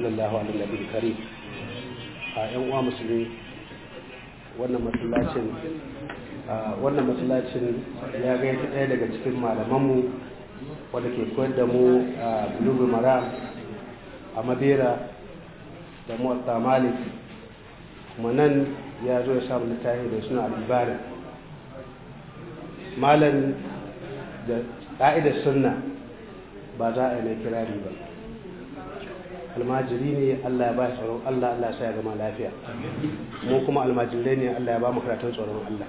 sallallahu alaihi karim a yan uwa musulmi wannan masallacin wannan masallacin ya gaita ɗaya daga cikin malaman mu wanda ke koyar da mu a bulubu mara a madera da muwatta malik kuma nan ya zo ya samu littafi da suna alibari malam da ƙa'idar sunna ba za a yi na kirari ba almajiri ne Allah ya ba shi tsoron Allah Allah sa ya zama lafiya mu kuma almajirai ne Allah ya ba mu karatun tsoron Allah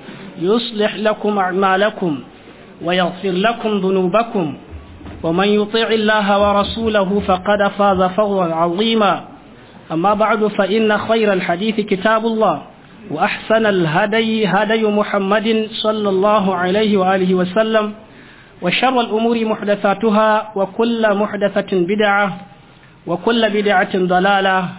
يصلح لكم أعمالكم ويغفر لكم ذنوبكم ومن يطيع الله ورسوله فقد فاز فوزا عظيما أما بعد فإن خير الحديث كتاب الله وأحسن الهدي هدي محمد صلى الله عليه وآله وسلم وشر الأمور محدثاتها وكل محدثة بدعة وكل بدعة ضلالة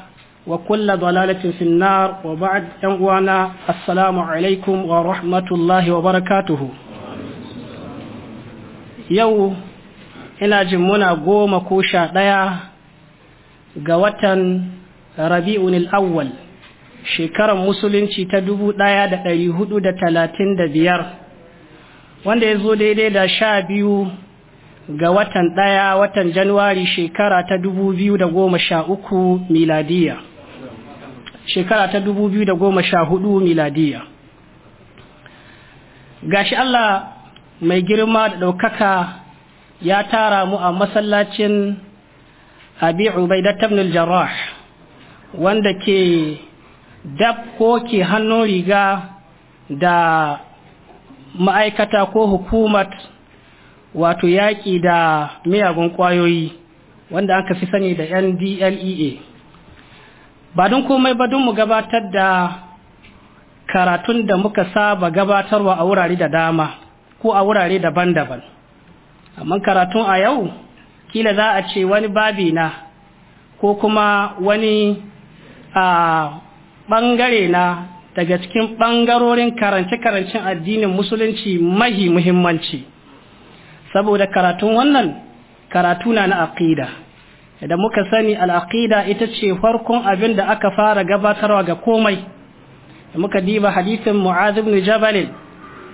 wa kulla dalalatin finnar wa ba'd yan uwana assalamu alaikum wa rahmatullahi wa barakatuhu yau ina jin goma ko sha ɗaya ga watan rabi'un awwal shekarar musulunci ta dubu ɗaya da ɗari hudu da talatin da biyar wanda ya zo daidai da sha biyu ga watan ɗaya watan januwari shekara ta dubu biyu da goma sha uku miladiya shekara ta dubu biyu da goma sha 2014 miladiya gashi Allah mai girma da ɗaukaka ya tara mu a masallacin abi ubaida tabnil jarrah wanda ke dab ko ke hannun riga da ma'aikata ko hukumat wato yaƙi da miyagun ƙwayoyi wanda aka fi sani da ndlea ba don komai ba don mu gabatar da karatun da muka saba gabatarwa a wurare da dama ko a wurare daban-daban amma karatun a yau kila za a ce wani babi na ko kuma wani a ɓangare na daga cikin ɓangarorin karance-karancen addinin musulunci mahi muhimmanci saboda karatun wannan karatu na na aƙida da muka sani al'aqida ita ce farkon abin da aka fara gabatarwa ga komai da muka diba hadisin mu'azib ni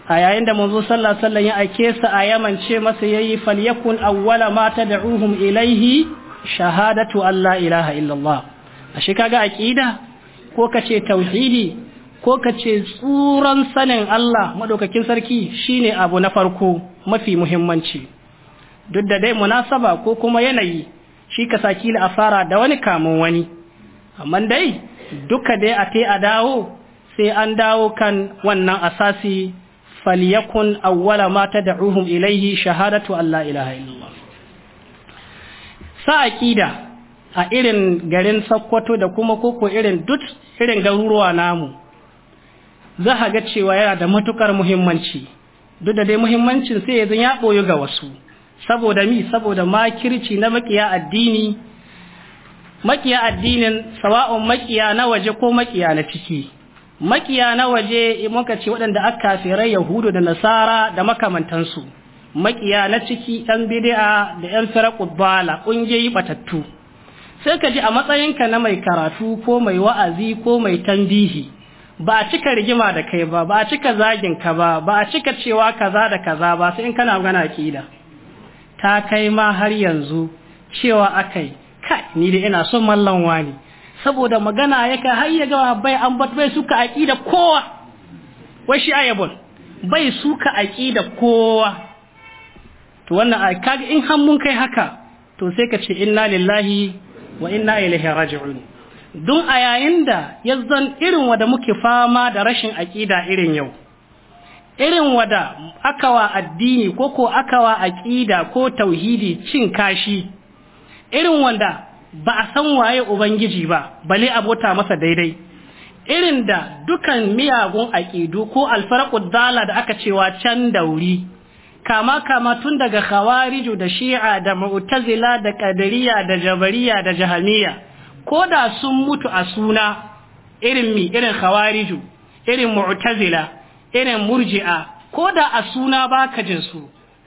a yayin da manzo sallasallan ya aike sa a yaman ce masa yayi falyakun awwala da ruhun ilaihi shahadatu allah ilaha illallah ashe kaga aƙida ko ka ce tauhidi ko ka ce tsuran sanin Allah maɗaukakin sarki shine abu na farko mafi muhimmanci duk da dai munasaba ko kuma yanayi shi ka sa la a da wani kamun wani amma dai duka dai a kai a dawo sai an dawo kan wannan asasi falyakun awwala ma tad'uhum ilayhi shahadatu Allah ilaha illallah sa aqida a irin garin Sokoto da kuma koko irin duk irin garuruwa namu za ga cewa yana da matukar muhimmanci duk da dai muhimmancin sai yanzu ya ɓoyi ga wasu saboda mi saboda makirci na makiya addini makiya addinin sawa'un makiya na waje ko makiya na ciki makiya na waje muka ce waɗanda aka kafirai yahudu da nasara da makamantansu makiya na ciki ɗan bidi'a da ƴan firaƙubbala ƙungiyoyi batattu sai ka ji a matsayinka na mai karatu ko mai wa'azi ko mai tambihi ba a cika rigima da kai ba ba a cika zagin ka ba ba a cika cewa kaza da kaza ba sai in kana gana ƙida ta kai ma har yanzu cewa akai kai ni da ina son mallan wani saboda magana ya kai har ya gawa bai an bat bai suka aqida kowa wai shi ayabun bai suka aqida kowa to wannan kaga in har mun kai haka to sai ka ce inna lillahi wa inna ilaihi raji'un don a yayin da yazzan irin wanda muke fama da rashin aqida irin yau irin wada akawa addini ko ko akawa aqida ko tauhidi cin kashi irin wanda ba a san waye ubangiji ba bale abota masa daidai irin da dukan miyagun aqidu ko alfaraqud dala da aka cewa can dauri kama kama tun daga khawariju da shi'a da mu'tazila da qadariya da jabariya da jahamiya ko da sun mutu a suna irin mi irin khawariju irin mu'tazila irin murji'a ko da a suna baka jin su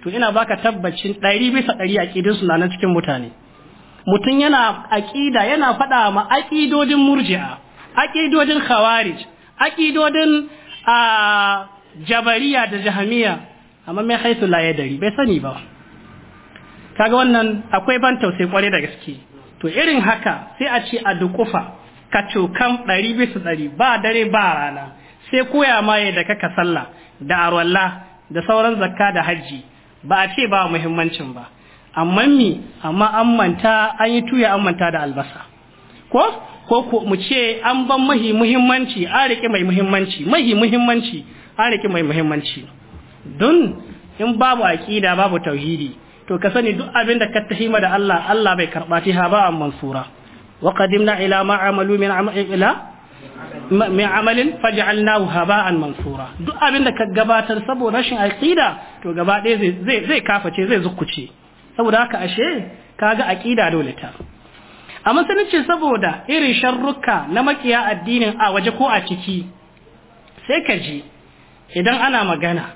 to ina baka tabbacin ɗari bisa ɗari ƙidin suna na cikin mutane mutum yana aƙida yana faɗa ma aƙidodin murji'a aƙidodin khawarij aƙidodin a jabariya da jahamiya amma mai haifin laye dari bai sani ba kaga wannan akwai ban tausayi kwarai da gaske to irin haka sai a ce a dukufa ka cokan ɗari bisa ɗari ba dare ba rana sai koya ma ya da kaka sallah da arwalla da sauran zakka da hajji ba a ce ba muhimmancin ba amma mi amma an manta an yi tuya an manta da albasa ko ko mu ce an ban mahi muhimmanci an rike mai muhimmanci mahi muhimmanci an rike mai muhimmanci don in babu aqida babu tauhidi to ka sani duk abin da ka tahima da Allah Allah bai karɓa ta ba a mansura wa qadimna ila ma amalu min ila mai amalin haba an mansura duk abin da ka gabatar saboda rashin aƙida to gaba ɗaya zai zai kaface zai zukkuce saboda haka ashe kaga aƙida dole ta a musulunci saboda irin sharruka na makiya addinin a waje ko a ciki sai ka ji idan ana magana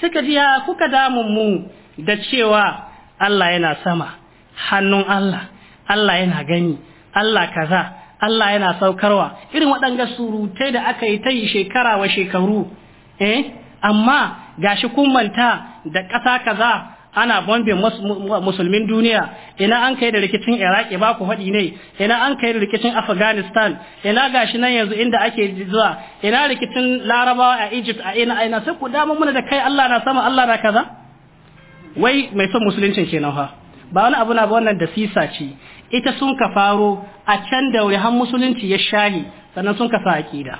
sai ka ji ya kuka damun mu da cewa Allah yana sama hannun Allah Allah yana gani Allah kaza Allah yana saukarwa irin waɗanga surutai da aka yi ta yi shekara wa shekaru eh amma gashi kun manta da ƙasa kaza ana bombin musulmin duniya ina an kai da rikicin iraki ba ku faɗi ne ina an kai da rikicin afghanistan ina gashi nan yanzu inda ake zuwa ina rikicin larabawa a egypt a ina ina sai ku dama muna da kai allah na sama allah na kaza wai mai son musuluncin kenan ha ba wani abu na ba wannan da sisa ce ita sun ka faro a can da wuri har musulunci ya shahi sannan sun ka sa aƙida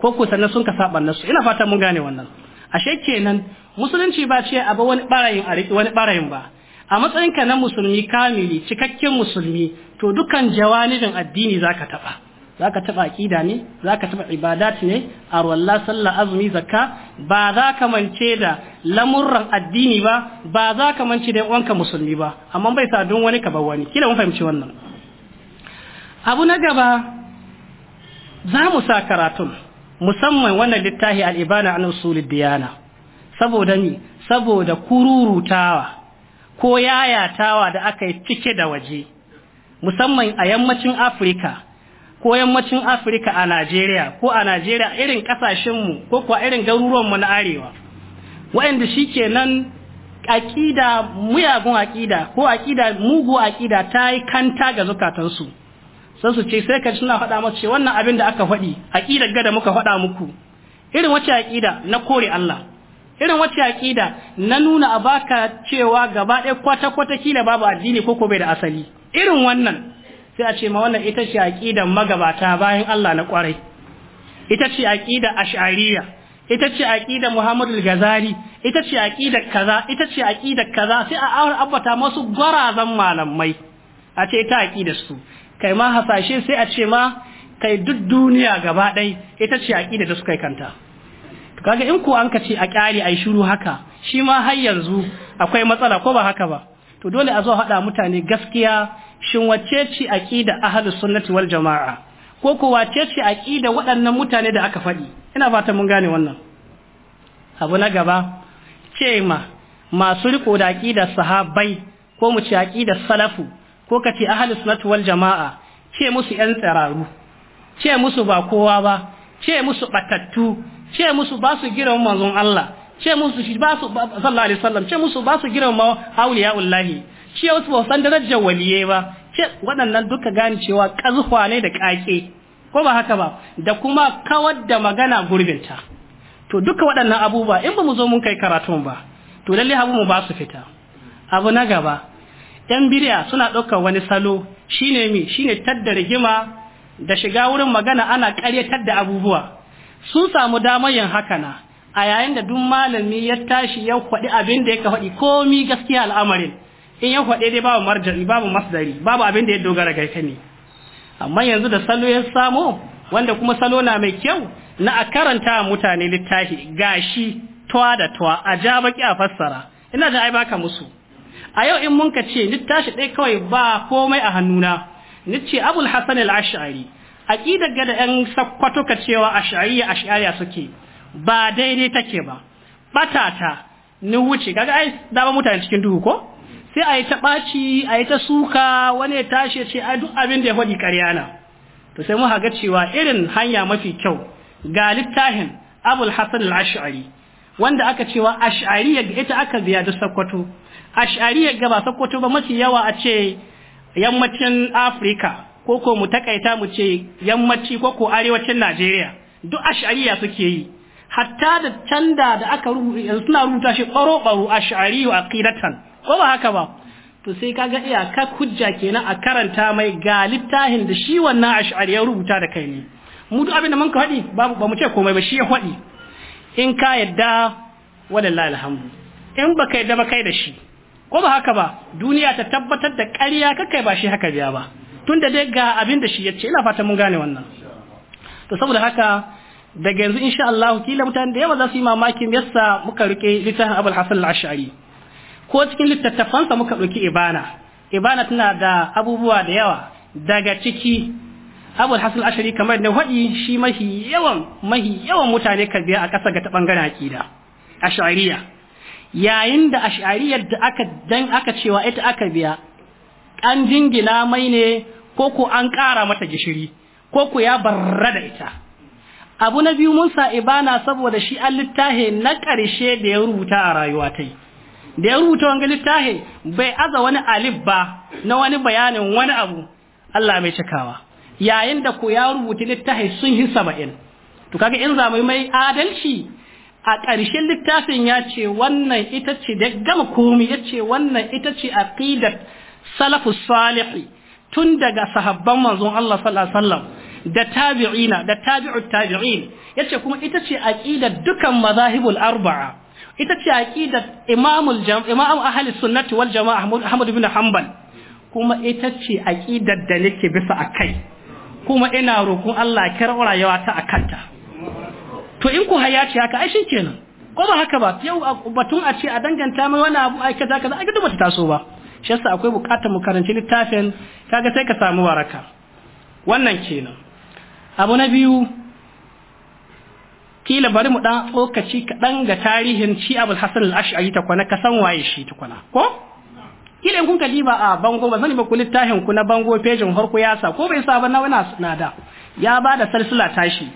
ko ko sannan sun ka sa su ina fata mun gane wannan ashe kenan musulunci ba ce a ba wani barayin a wani barayin ba a matsayinka na musulmi kamili cikakken musulmi to dukan jawanibin addini zaka taɓa. Za zaka taba aƙida ne ka taba ibadat ne arwalla sallah azumi zakka ba za ka mance da lamurran addini ba ba za ka mance da wanka musulmi ba amma bai sa don wani ka bar wani kila mun fahimci wannan abu na gaba za mu sa karatun musamman wannan littafi al'ibana ibana an usulid diyana saboda ni saboda kururutawa ko yayatawa da aka yi cike da waje musamman a yammacin afirka ko yammacin afirka a najeriya ko a najeriya irin kasashenmu ko kuwa irin garuruwanmu na arewa waɗanda shi ke nan aƙida muyagun aƙida ko aƙida mugu aƙida ta yi kanta ga zukatansu sai su ce sai ka suna faɗa masu ce wannan abin da aka faɗi aƙidar gada muka faɗa muku irin wace aƙida na kore Allah irin wace aƙida na nuna a baka cewa gaba ɗaya kwata-kwata kila babu addini ko ko bai da asali irin wannan sai a ce ma wannan ita ce aqidan magabata bayan Allah na kwarai ita ce aqida ash'ariya ita ce aqida Muhammadul Gazari. ita ce aqida kaza ita ce aqida kaza sai a aure abbata masu gwarazan malamai a ce ita aqida su kai ma hasashe sai a ce ma kai duk duniya gaba ɗai ita ce aƙida da suka yi kanta kaga in ko an ka ce a ƙyale a shiru haka shi ma har yanzu akwai matsala ko ba haka ba to dole a zo haɗa mutane gaskiya shin wacce ce aqida ahlus sunnati wal jamaa ko ko wacce ce aqida waɗannan mutane da aka faɗi ina fata mun gane wannan abu na gaba ce ma masu riko da da sahabbai ko mu ce da salafu ko ka ce ahlus sunnati wal jamaa ce musu yan tsararu ce musu ba kowa ba ce musu batattu ce musu ba su giran manzon Allah ce musu shi ba su sallallahu alaihi wasallam ce musu ba su girma auliya ullahi ce wasu ba san darajar waliye ba ce waɗannan duka gane cewa ƙazuwa ne da ƙaƙe ko ba haka ba da kuma kawar da magana gurbinta to duka waɗannan abubuwa in ba mu zo mun kai karatun ba to lalle abu mu ba su fita abu na gaba yan birya suna ɗaukar wani salo shine mi shine tadda rigima da shiga wurin magana ana ƙaryatar da abubuwa sun samu damar yin haka na a yayin da duk malami ya tashi ya faɗi abin da ya ka faɗi komi gaskiya al'amarin in ya faɗe dai babu marjari babu masdari babu abin da ya dogara ga ne amma yanzu da salo ya samo wanda kuma salo na mai kyau na a karanta mutane littafi gashi tuwa da tuwa a ja baki a fassara ina da ai baka musu a yau in mun ka ce littafi ɗaya kawai ba komai a hannuna ni ce abul hasan al-ash'ari aqida ga da yan sakkwato ka cewa ya ash'ari suke ba daidai take ba batata ni wuce kaga ai da ba mutane cikin duhu ko sai a yi ta ɓaci a yi ta suka wani ya tashi ce a duk abin da ya faɗi ƙarya na to sai muka ga cewa irin hanya mafi kyau ga littafin abul hasan al-ash'ari wanda aka cewa ash'ari ga ita aka biya da sakkwato ash'ari ga ba sakkwato ba mafi yawa a ce yammacin afirka ko ko mu takaita mu ce yammaci ko ko arewacin najeriya duk ash'ariya suke yi hatta da canda da aka rubuta suna rubuta shi ɓaro-ɓaro ash'ari a ƙiratan ko ba haka ba to sai kaga ka hujja kenan a karanta mai ga littafin da shi wannan ash'ari ya rubuta da kai ne mu duk abin da mun ka faɗi ba mu ce komai ba shi ya faɗi in ka yadda wallahi alhamdu in baka yadda ba kai da shi ko ba haka ba duniya ta tabbatar da ƙarya kai ba shi haka biya ba tunda dai ga abin da shi ya ce ina fata mun gane wannan to saboda haka daga yanzu insha Allah kila mutane da yawa za su yi mamakin yasa muka rike littafin Abul Hasan al-Ash'ari ko cikin littattafansa muka ɗauki ibana ibana tana da abubuwa da yawa daga ciki abul hasul ashari kamar da waɗi shi mahi yawan mahi yawan mutane ka biya a ƙasa ga ta ɓangaren aƙida ashariya yayin da ashariyar da aka dan aka cewa ita aka biya an jingina mai ne ko ko an ƙara mata gishiri ko ko ya barra da ita abu na biyu mun sa ibana saboda shi an littahe na ƙarshe da ya rubuta a rayuwa ta yi da ya rubuta wanga littafin bai aza wani alif ba na wani bayanin wani abu Allah mai cikawa yayin da ku ya rubuta littafin sun yi saba'in to kaga in zamu mai adalci a ƙarshen littafin ya ce wannan ita ce da gama komi ya ce wannan ita ce aqidat salafu salihi tun daga sahabban manzon Allah sallallahu alaihi wasallam da tabi'ina da tabi'ut tabi'in yace kuma ita ce aqidat dukan mazahibul arba'a ita ce aqidar imamul imam ahli sunnati wal jamaa ahmad ibn hanbal kuma ita ce aqidar da nake bisa akai kuma ina roƙon Allah ya karɓa rayuwa ta akanta to in ku haya ce haka ai kenan ko ba haka ba yau batun a ce a danganta mai wani abu aika da kaza aka duba ta taso ba shi yasa akwai bukatar mu karanci littafin kaga sai ka samu waraka wannan kenan abu na biyu kila bari mu dan tsokaci kaɗan ga tarihin shi abul hasan al-ash'ari ta kwana ka san waye shi kwana ko kila kun ka diba a bango ba sani ba ku littafin ku na bango pejin harku ya sa ko bai sa ba na wani da. ya ba da salsila tashi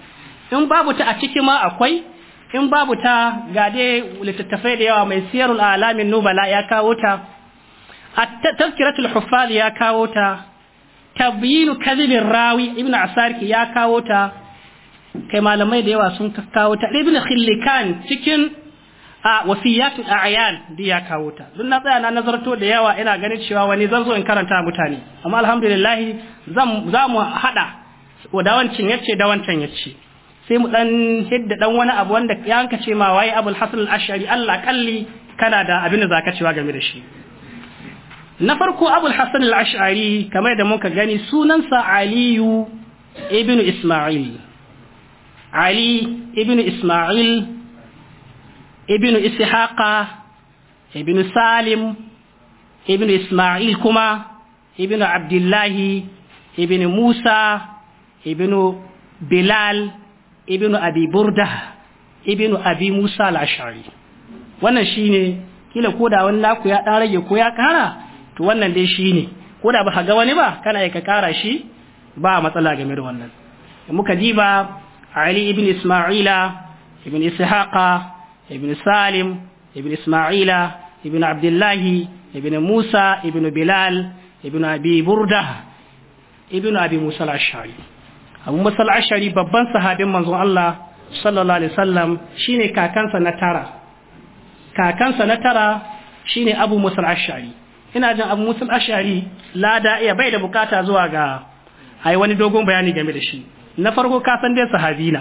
in babu ta a ciki ma akwai in babu ta ga dai littattafai da yawa mai siyarul alamin nubala ya kawo ta A tazkiratul huffaz ya kawo ta tabyinu kadhibir rawi ibnu asarki ya kawo ta kai malamai da yawa sun kawo ta ibn khillikan cikin a wasiyatu a'yan da ya kawo ta dun na tsaya na nazarto da yawa ina ganin cewa wani zan zo in karanta mutane amma alhamdulillah zan za mu hada da yace da wancan yace sai mu dan hidda dan wani abu wanda ya hanka ce ma waye abul hasan al-ash'ari Allah kalli kana da abin da zaka cewa game da shi na farko abul hasan al-ash'ari kamar da muka gani sunansa aliyu ibnu isma'il ali ibn isma'il ابن ishaqa ابن salim ابن isma'il kuma ابن abdullahi الله musa موسى bilal بلال ابن ibinu Abimusa ابن musa موسى ashari wannan shine kila da wani naku ya dan rage ko ya kara to wannan dai ko da ba ga wani ba kana ya ka kara shi ba matsala game da wannan muka diba علي بن إسماعيل ابن إسحاق ابن سالم ابن إسماعيل ابن عبد الله ابن موسى ابن بلال ابن أبي بردة ابن أبي موسى الأشعري أبو موسى الأشعري ببن صحابي منظور الله صلى الله عليه وسلم شيني كاكنسا نتارا كاكنسا نتارا شيني أبو موسى الأشعري ina jin abu musul ashari lada iya bai da bukata zuwa ga ai wani dogon bayani game da shi na farko ka san dai sahabina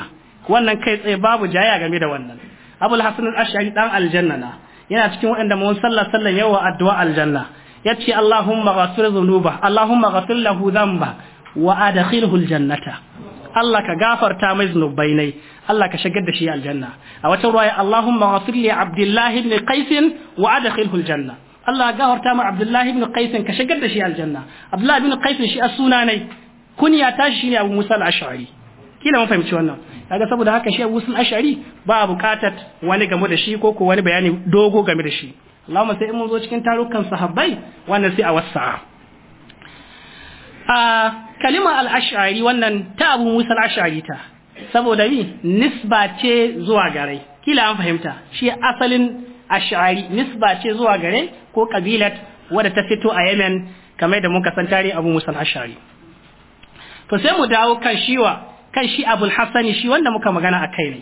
wannan kai tsaye babu jaya game da wannan abul hasan al-ash'ari dan aljanna na yana cikin waɗanda mun sallah sallan yawa addu'a aljanna yace allahumma ghafir dhunuba allahumma ghafir lahu dhanba wa adkhilhu aljannata Allah ka gafarta mai zunubai ne Allah ka shigar da shi aljanna a wata ruwaya Allahumma ghafir li Abdullah ibn Qais wa adkhilhu aljanna Allah gafarta ma Abdullah ibn Qais ka shigar da shi aljanna Abdullah ibn Qais shi as-sunanai kunya ta shi ne abu musa al-ash'ari kila mun fahimci wannan kaga saboda haka shi abu musa al-ash'ari ba bukatar wani game da shi ko ko wani bayani dogo game da shi Allahumma sai mun zo cikin tarukan sahabbai wannan sai a wasa a kalima al-ash'ari wannan ta abu musa al-ash'ari ta saboda mi nisba ce zuwa gare kila an fahimta shi asalin ash'ari nisba ce zuwa gare ko kabilat wadda ta fito a Yemen kamar da muka san tare Abu Musa ashari to sai mu dawo kan shi wa kan shi abul hassani shi wanda muka magana a kai ne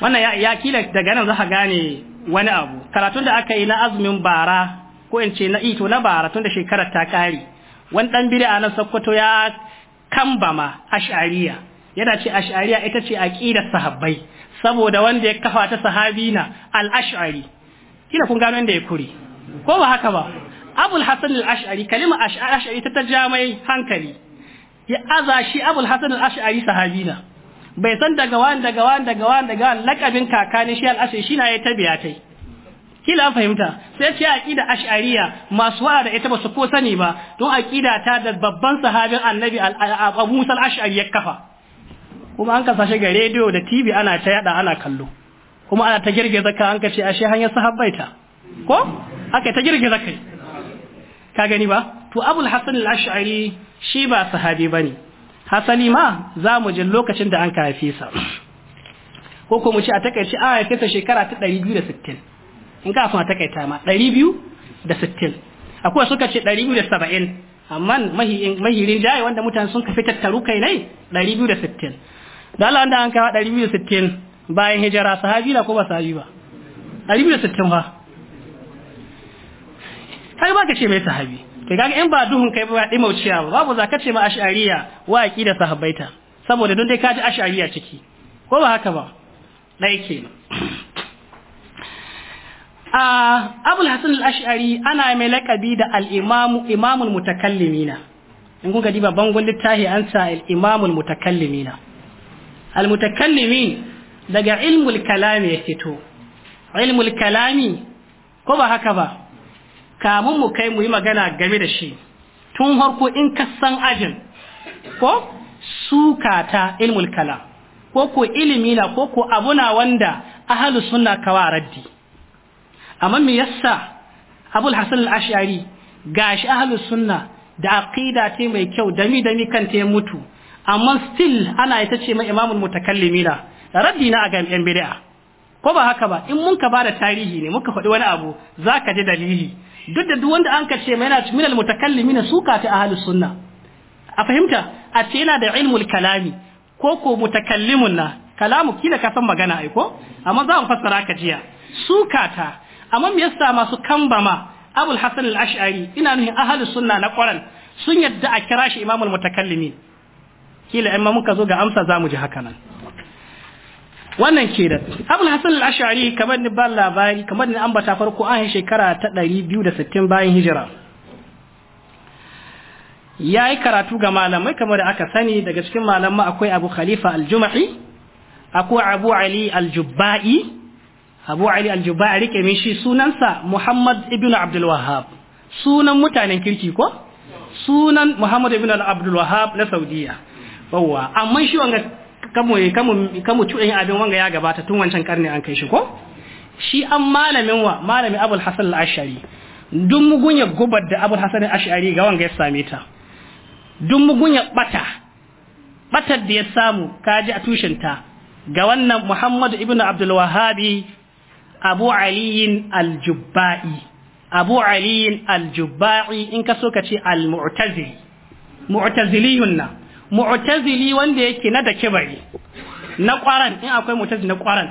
wannan ya kila daga nan za ka gane wani abu karatun da aka yi na azumin bara ko in ce na ito eh na bara tun da shekarar ta kare wani dan a nan sokoto ya kambama ash'ariya yana ce ash'ariya ita ce aqidar sahabbai saboda wanda ya kafa ta sahabi na al-ash'ari kila kun gano inda ya kure ko ba haka ba abul hasan al-ash'ari kalima ash'ari ta tajamai hankali ya aza shi abul hasan al-ash'ari sahabina bai san daga wani daga wani daga wani daga wani lakabin kakani shi al-ash'ari shi na ya tabiya tai kila an fahimta sai ce aqida ash'ariya masu wa da ita ba su ko sani ba don aqida ta da babban sahabin annabi Abu Musa al-Ash'ari ya kafa kuma an kasashe ga radio da TV ana ta yada ana kallo kuma ana ta girgiza ka an kace ashe hanyar sahabbaita ko aka ta girgiza kai ka gani ba to abul hasan al-ash'ari shi ba sahabi bane hasali ma za mu ji lokacin da an kafi sa ko ko mu ci a takaici a ya kasa shekara ta 260 in ka fa takaita ma 260 akwai suka ce 270 amma mahirin jaye wanda mutane sun kafi tattaru kai ne 260 da Allah da an kawo 260 bayan hijira sahabi na ko ba sahabi ba 260 fa kai ba ka ce mai sahabi ka ga in ba duhun kai ba wuciya ba babu zaka ce ma ash'ariya wa aqida sahabbaita saboda don dai ka ji ash'ariya ciki ko ba haka ba dai kenan a abul hasan al-ash'ari ana mai laqabi da al-imamu imamul mutakallimina in kun ga diba bangon littafi an sa al-imamul mutakallimina al-mutakallimin daga ilmul kalami ya fito ilmul kalami ko ba haka ba kamun mu kai mu yi magana game da shi tun harko in ka san ajin ko suka ta ilmul kala ko ko ilimi na ko ko abuna wanda ahlus sunna kawa raddi amma me yasa abul hasan al-ash'ari gashi ahlus sunna da aqida ce mai kyau dami dami kan ta mutu amma still ana ita ce mai imamul na raddi na ga yan bid'a ko ba haka ba in mun ka bada tarihi ne muka faɗi wani abu zaka ji dalili duk da duk wanda an kace mai yana min almutakallimin suka ta ahlus sunna a fahimta a ce yana da ilmul kalami ko ko mutakallimun na kalamu kila ka san magana ai ko amma za mu fassara ka jiya suka ta amma me yasa masu kambama abul hasan al-ash'ari ina nuhin ahlus sunna na Quran sun yadda a kira shi imamul mutakallimi kila in muka zo ga amsa za mu ji haka nan wannan ke da abul hasan al-ash'ari kamar ni ban labari kamar ni ambata farko an shekara ta 260 bayan hijira ya yi karatu ga malamai kamar da aka sani daga cikin malamai akwai abu khalifa al-jumahi akwai abu ali al-jubba'i abu ali al-jubba'i rike min shi sunansa muhammad ibn abdul wahhab sunan mutanen kirki ko sunan muhammad ibn abdul wahhab na saudiya yawwa amma shi wanga kamu kamu kamu abin wanga ya gabata tun wancan karni an kai shi ko shi an malamin wa malami abul hasan al-ashari duk ya gubar da abul hasan al-ashari ga wanga ya same ta duk ya bata batar da ya samu kaji a tushen ta ga wannan Muhammadu ibnu abdul wahabi abu aliyin al-jubba'i abu aliyin al-jubba'i in ka so ka ce al-mu'tazili nan mu'tazili wanda yake na da kibari na kwaran in akwai mu'tazili na kwaran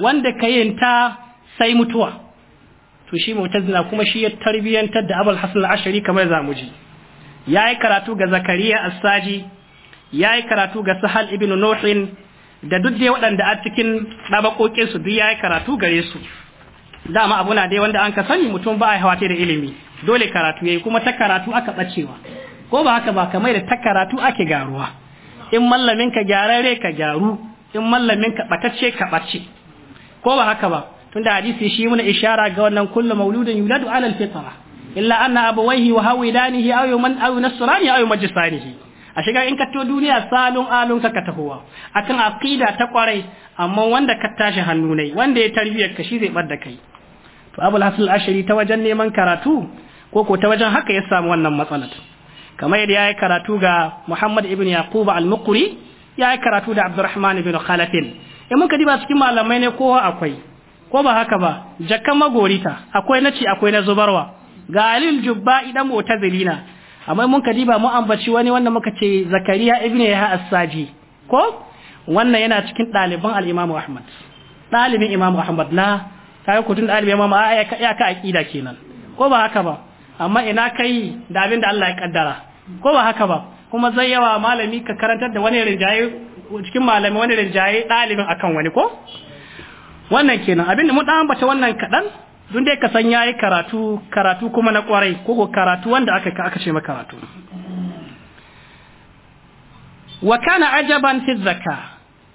wanda kayenta sai mutuwa to shi mu'tazila kuma shi ya tarbiyantar da Abul Hasan al-Ashari kamar zamuji. ji yayi karatu ga Zakariya as-Saji yayi karatu ga Sahal ibn Nuhin da duk dai waɗanda a cikin babakokin su duk yayi karatu gare su dama abu na dai wanda an ka sani mutum ba a hawate da ilimi dole karatu yayi kuma ta karatu aka bacewa ko ba haka ba kamar da ta karatu ake garuwa, in mallamin ka gyararre ka gyaru in mallamin ka batacce ka bace ko ba haka ba tunda hadisi shi muna ishara ga wannan kullu mauludin yuladu ala alfitra illa anna abawayhi wa hawilanihi aw man aw nasrani aw majsanihi a shiga in ka to duniya salun alun ka ka tahowa akan aqida ta kwarai amma wanda ka tashi hannu nai wanda ya tarbiyar ka shi zai bar da kai to abul hasan al-ashari ta wajen neman karatu ko ko ta wajen haka ya samu wannan matsalar kamar yadda yayi karatu ga Muhammad ibn Yaqub al-Muqri yayi karatu da Abdurrahman Bin Khalaf in muka diba cikin malamai ne ko akwai ko ba haka ba jakkan magorita akwai na naci akwai na zubarwa ga Alil Jubba idan mu'tazilina amma mun ka diba mu ambaci wani wanda muka ce Zakariya ibn Yahya as-Saji ko wannan yana cikin ɗaliban al-Imam Ahmad ɗalibin Imam Ahmad na kai kutun ɗalibin Imam ya ka aqida kenan ko ba haka ba amma ina kai da abinda da Allah ya ƙaddara. ko ba haka ba kuma zai yawa malami ka karantar da wani rinjaye cikin malami wani rinjaye ɗalibin akan wani ko wannan kenan abin da mu dan ambata wannan kaɗan don dai ka san yayi karatu karatu kuma na kwarai ko ko karatu wanda aka aka ce maka karatu wa kana ajaban fi zakka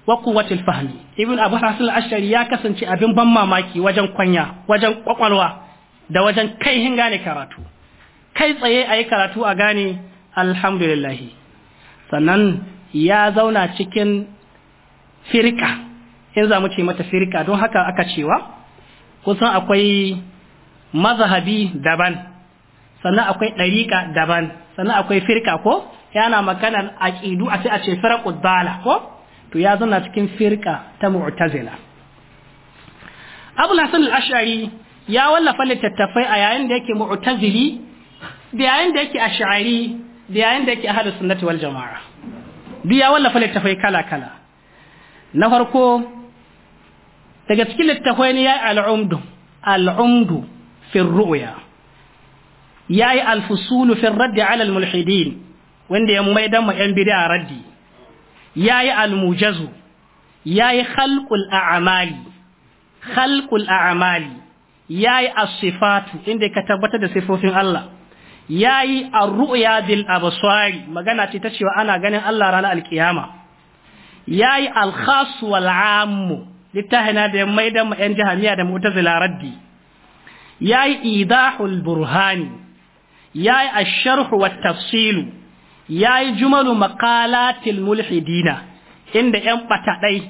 wa quwwatil fahmi ibn abu hasan al-ashari ya kasance abin ban mamaki wajen kwanya wajen kwakwalwa da wajen kai hin gane karatu kai tsaye ayi karatu a gane alhamdulillah sannan ya zauna cikin firka in za mu ce mata firka don haka aka cewa kusan akwai mazhabi daban sannan akwai ɗariƙa daban sannan akwai firka ko yana maganar aƙidu a sai a ce firaqud ko to ya zauna cikin firka ta mu'tazila Abu Hasan al-Ash'ari ya wallafa littattafai a yayin da yake mu'tazili da yayin da yake ash'ari da yayin da yake ahlus sunnati wal jamaa duk ya wallafa littafai kala kala na farko daga cikin littafai ne yayi al al'umdu fi ru'ya yayi al-fusul fi ar-radd 'ala al-mulhidin wanda ya maidan ma yan bid'a raddi yayi al-mujazu yayi khalqul a'mali khalqul a'mali yayi as-sifatu inda ka tabbatar da sifofin Allah yayi ar-ru'ya bil absari magana ce ta cewa ana ganin Allah ranar alkiyama yayi al-khas wal 'am littahina da maidan jihar jahamiya da mu'tazila raddi yayi idahul burhani yayi ash-sharh wat tafsil yayi jumalu makalatil mulhidina inda yan batadai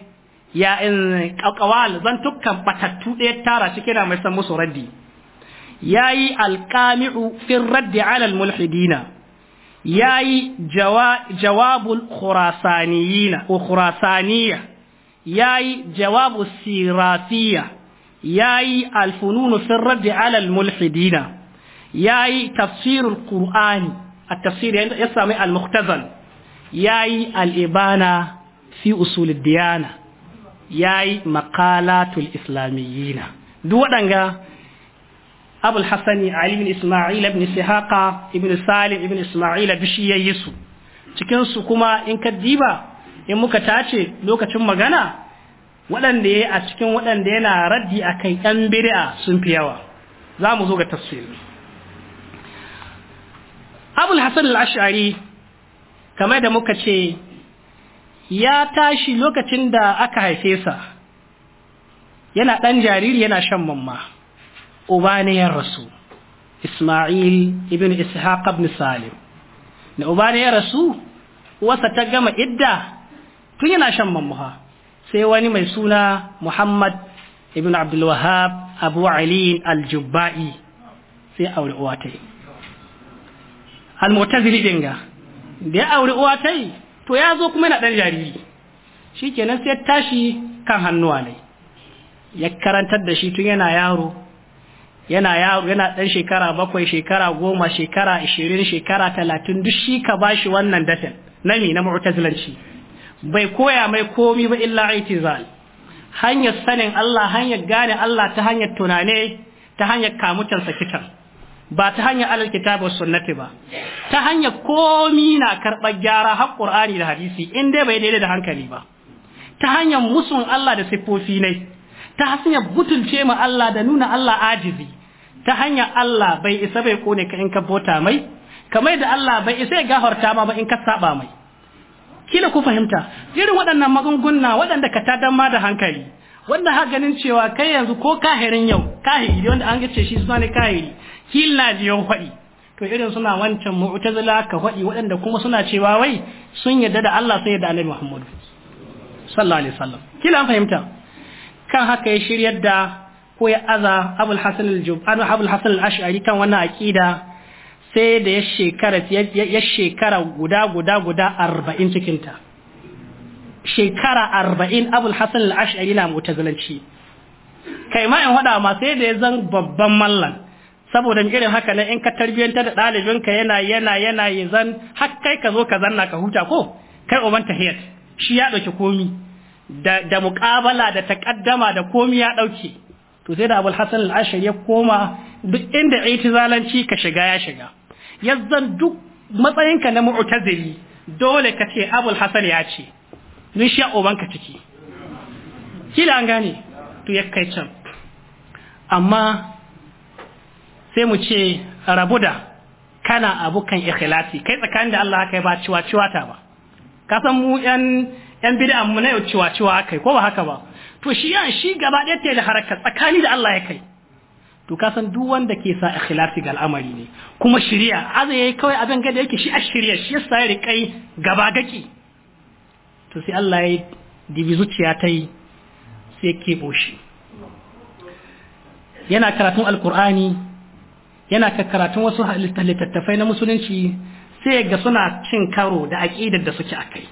ya in kawal zan tukkan batattu ɗaya tara cikin mai san musu raddi yayi alqami'u fi radd ala almulhidina yayi jawabul khurasaniyina wa yayi jawabu siratiya yayi alfununu fi radd ala almulhidina yayi tafsirul qur'ani at-tafsir ya sami al-muhtazal yayi al-ibana fi usulid diyana yayi maqalatul islamiyina duk waɗanga abul hasani ali bin isma'il ibn sihaqa ibn salim ibn isma'il bishi yayi su cikin su kuma in ka diba in muka tace lokacin magana waɗanda yayi a cikin waɗanda yana raddi a kan yan bid'a sun fi yawa za mu zo ga tafsir abul hasan al-ash'ari kamar da muka ce ya tashi lokacin da aka haife sa yana ɗan jariri yana shan mamma uba ne ya rasu Ismail ibn Ishaq ibn Salim na uba ne ya rasu wasa ta gama idda tun yana shan mamuha sai wani mai suna Muhammad ibn Abdul wahab Abu Ali al-Jubba'i sai aure uwa ta al-Mu'tazili dinga da ya aure uwa ta to ya zo kuma yana dan jariri shi kenan sai tashi kan hannuwa ne ya karantar da shi tun yana yaro yana yaro yana dan shekara bakwai shekara goma shekara ishirin shekara talatin duk shi ka bashi wannan datan nami na mu'tazilanci bai koya mai komi ba illa itizal hanyar sanin Allah hanyar gane Allah ta hanyar tunane ta hanyar kamutan sakitan ba ta hanyar alal wa sunnati ba ta hanyar komi na karɓar gyara har Qur'ani da hadisi in dai bai daidai da hankali ba ta hanyar musun Allah da siffofi ne ta hanyar mutunce ma Allah da nuna Allah ajizi ta hanyar Allah bai isa bai kone ka in ka bota mai kamar da Allah bai isa ya gafarta ma ba in ka saba mai kila ku fahimta irin waɗannan magunguna waɗanda ka tadan ma da hankali wanda ha ganin cewa kai yanzu ko kahirin yau kahiri wanda an gace shi suna ne kahiri kila na jiyon faɗi to irin suna wancan mu'tazila ka faɗi waɗanda kuma suna cewa wai sun yarda da Allah sun yarda Annabi Muhammad sallallahu alaihi wasallam kila an fahimta kan haka ya shiryar da ko ya aza abul hasan al-jubani abul hasan al-ash'ari kan wannan aqida sai da ya shekara ya shekara guda guda guda 40 cikin ta shekara 40 abul hasan al-ash'ari na mutazilanci kai ma in hada ma sai da ya zan babban mallan saboda irin haka ne in ka tarbiyantar da ɗalibinka yana yana yana yi zan har kai ka zo ka zanna ka huta ko kai uban tahiyat shi ya ɗauki komi da muƙabala da taƙaddama da komi ya ɗauke to sai da abul hasan al ya koma duk inda zalanci ka shiga ya shiga yazzan duk matsayinka na mu'tazili dole ka ce abul hasan ya ce ni shi ubanka ciki kila an gane to ya kai can amma sai mu ce rabu da kana abu kan ikhlasi kai tsakanin da Allah kai ba ciwa ciwa ta ba ka san mu yan yan bid'a mu na yau ciwa aka akai ko ba haka ba to shi yan shi gaba ɗaya ta da haraka tsakani da Allah ya kai to ka san duk wanda ke sa ikhlasi ga al'amari ne kuma shirya aza yi kawai abin gada da yake shi a shirya shi yasa ya rikai gaba gaki to sai Allah ya yi dibi zuciya ta yi sai ke boshi yana karatun alkur'ani yana karatun wasu littattafai na musulunci sai ga suna cin karo da aƙidar da suke a kai.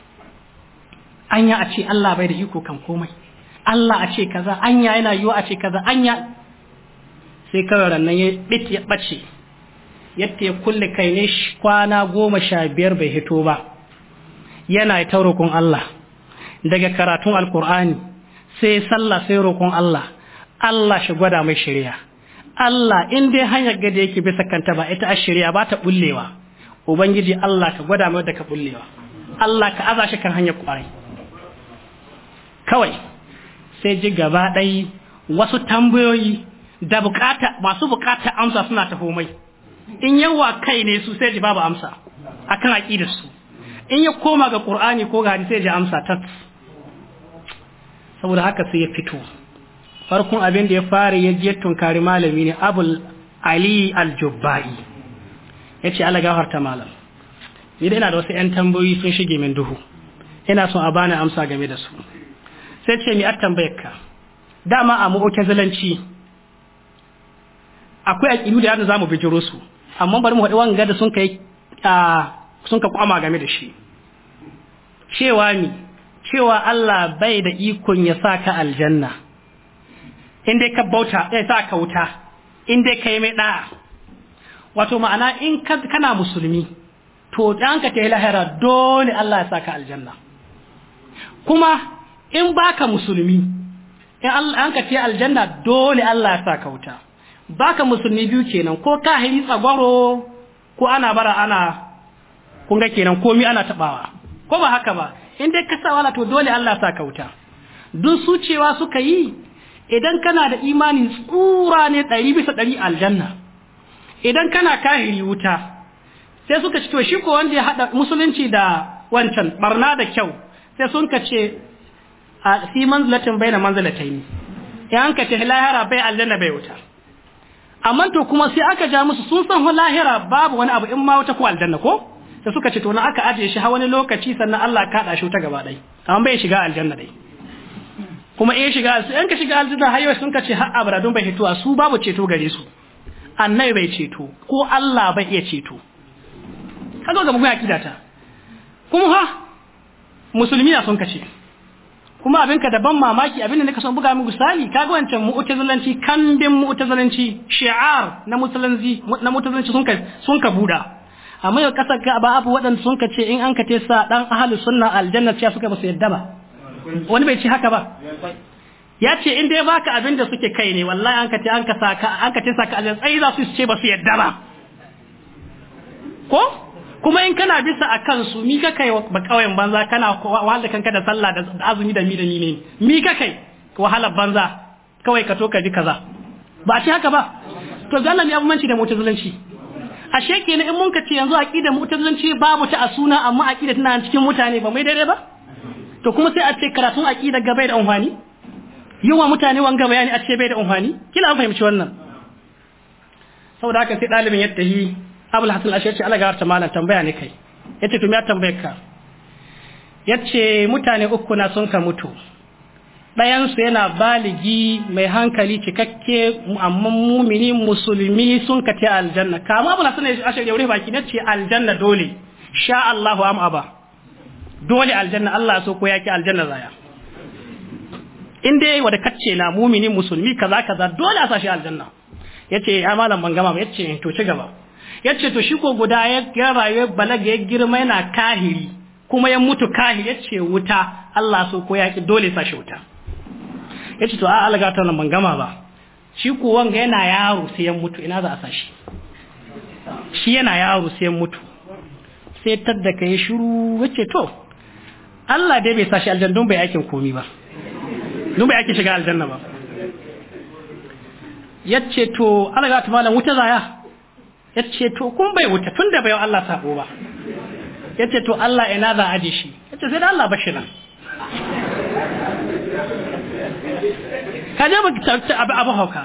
anya a ce Allah bai da iko kan komai Allah a ce kaza anya yana yiwa a ce kaza anya sai kawai rannan ya bit ya bace yadda ya kulle kai ne kwana goma sha biyar bai hito ba yana ta roƙon Allah daga karatun alkur'ani sai sallah sai roƙon Allah Allah shi gwada mai shirya. Allah in dai hanyar gada yake bisa kanta ba ita a shari'a ba ta bullewa ubangiji Allah ka gwada mai da ka bullewa Allah ka aza shi kan hanyar kwarai kawai sai ji gaba ɗai wasu tambayoyi da bukata masu bukata amsa suna ta homai in yawa kai ne su sai ji babu amsa akan aqidar su in ya koma ga qur'ani ko gari sai ji amsa ta saboda haka sai ya fito farkon abin da ya fara ya je tunkari malami ne abul ali al-jubba'i yace Allah gafarta malam ni yana da wasu yan tambayoyi sun shige min duhu ina son a bani amsa game da su sai ce mi attan ka dama a mu'oke zalanci akwai aƙidu da yadda za mu bijiro su amma bari mu haɗu wanga da sun ka kwama game da shi cewa ni cewa Allah bai da ikon ya sa ka aljanna in dai ka bauta ya sa ka wuta in dai ka yi mai ɗa'a wato ma'ana in kana musulmi to ɗan ka ta lahira dole Allah ya sa ka aljanna kuma in baka musulmi in an ka ce aljanna dole Allah ya sa ka wuta baka musulmi biyu kenan ko kahiri tsagwaro ko ana bara ana kun ga kenan komi ana tabawa ko ba haka ba in dai ka sa wala to dole Allah ya sa ka wuta duk su cewa suka yi idan kana da imani tsura ne 100 bisa 100 aljanna idan kana kahiri wuta sai suka ce to shi ko wanda ya hada musulunci da wancan barna da kyau sai sun ka ce a fi manzilatin bai na manzilataini yan ka ta lahira bai aljanna bai wuta amma to kuma sai aka ja musu sun san lahira babu wani abu in ma wuta ko aljanna ko da suka ce to aka ajiye shi har wani lokaci sannan Allah ka da shi ta gaba dai amma bai shiga aljanna dai kuma eh shiga su ka shiga aljanna har yau sun ka ce har abradun bai a su babu ceto gare su annabi bai ceto ko Allah bai iya ceto kaga ga mu ya kidata kuma ha musulmi na sun ce. kuma abin ka daban mamaki abin da nake son buga min gusali kaga wancan mu'tazilanci kambin mu'tazilanci shi'ar na musulunci na mu'tazilanci sun ka sun ka buda amma yau kasar ka ba abu waɗanda sun ka ce in an ka tesa sa dan ahlus sunna aljanna ce suka ba su yadda ba wani bai ci haka ba ya ce in dai baka abin da suke kai ne wallahi an ka ce an ka saka an ka ce saka aljanna sai za su ce ba su yadda ba ko kuma in kana bisa a kansu mi ka kai ba kawai banza kana wahala kanka da sallah da azumi da mi da mi ne mi ka kai wahala banza kawai ka to ka ji kaza ba a ce haka ba to zalla mi abumanci da mutazilanci ashe kenan in mun ka ce yanzu aqida mu'tazilanci babu ta a suna amma aqida tana cikin mutane ba mai daidai ba to kuma sai a ce karatun aqida ga bai da amfani wa mutane wanga bayani a ce bai da amfani kila an fahimci wannan saboda haka sai dalibin ya tahi abul hasan ashari ce alaga ta malam tambaya ne kai yace to me tambayar ka yace mutane uku na sun ka mutu ɗayansu yana baligi mai hankali cikakke amma mumini musulmi sun ka ce aljanna kama abul hasan ashe ashir yauri baki na ce aljanna dole sha Allahu am aba dole aljanna Allah so ko yaki aljanna zaya in dai wada kacce na mumini musulmi kaza kaza dole a sashi aljanna yace ya malam ban gama ba yace to ci gaba yace to shi ko guda ya rayu balaga ya girma yana kahiri kuma ya mutu kahiri yace wuta Allah so ko ya ki dole sa shi wuta yace to a alaga ta nan ban gama ba shi ko wanga yana yaro sai ya mutu ina za a sa shi shi yana yaro sai ya mutu sai tadda yi shiru yace to Allah dai bai sa shi aljanna don bai aikin komi ba don bai aikin shiga aljanna ba yace to alaga ta malam wuta zaya yace to kun bai wuta da bai Allah sako ba yace to Allah ina za a aje shi yace sai da Allah bashi nan kaje ba abu hauka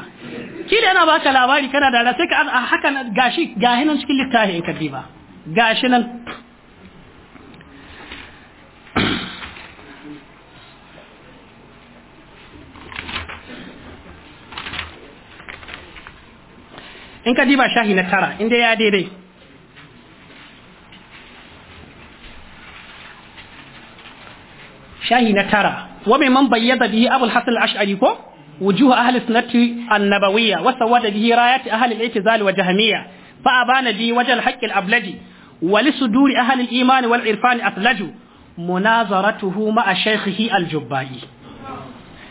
da yana baka labari kana da sai ka a ah, hakan gashi gahi nan cikin littafi in kadiba gashi nan in ka diba shahi na tara inda ya daidai shahi na tara wa mai man bayyada bihi abul hasan al-ash'ari ko wujuh ahli sunnati an-nabawiyya wa sawada bihi rayat ahli al-i'tizal wa jahmiyya fa abana bi wajh al-haqq al-ablaji wa li suduri ahli al-iman wal irfan atlaju munazaratuhu ma'a shaykhihi al-jubba'i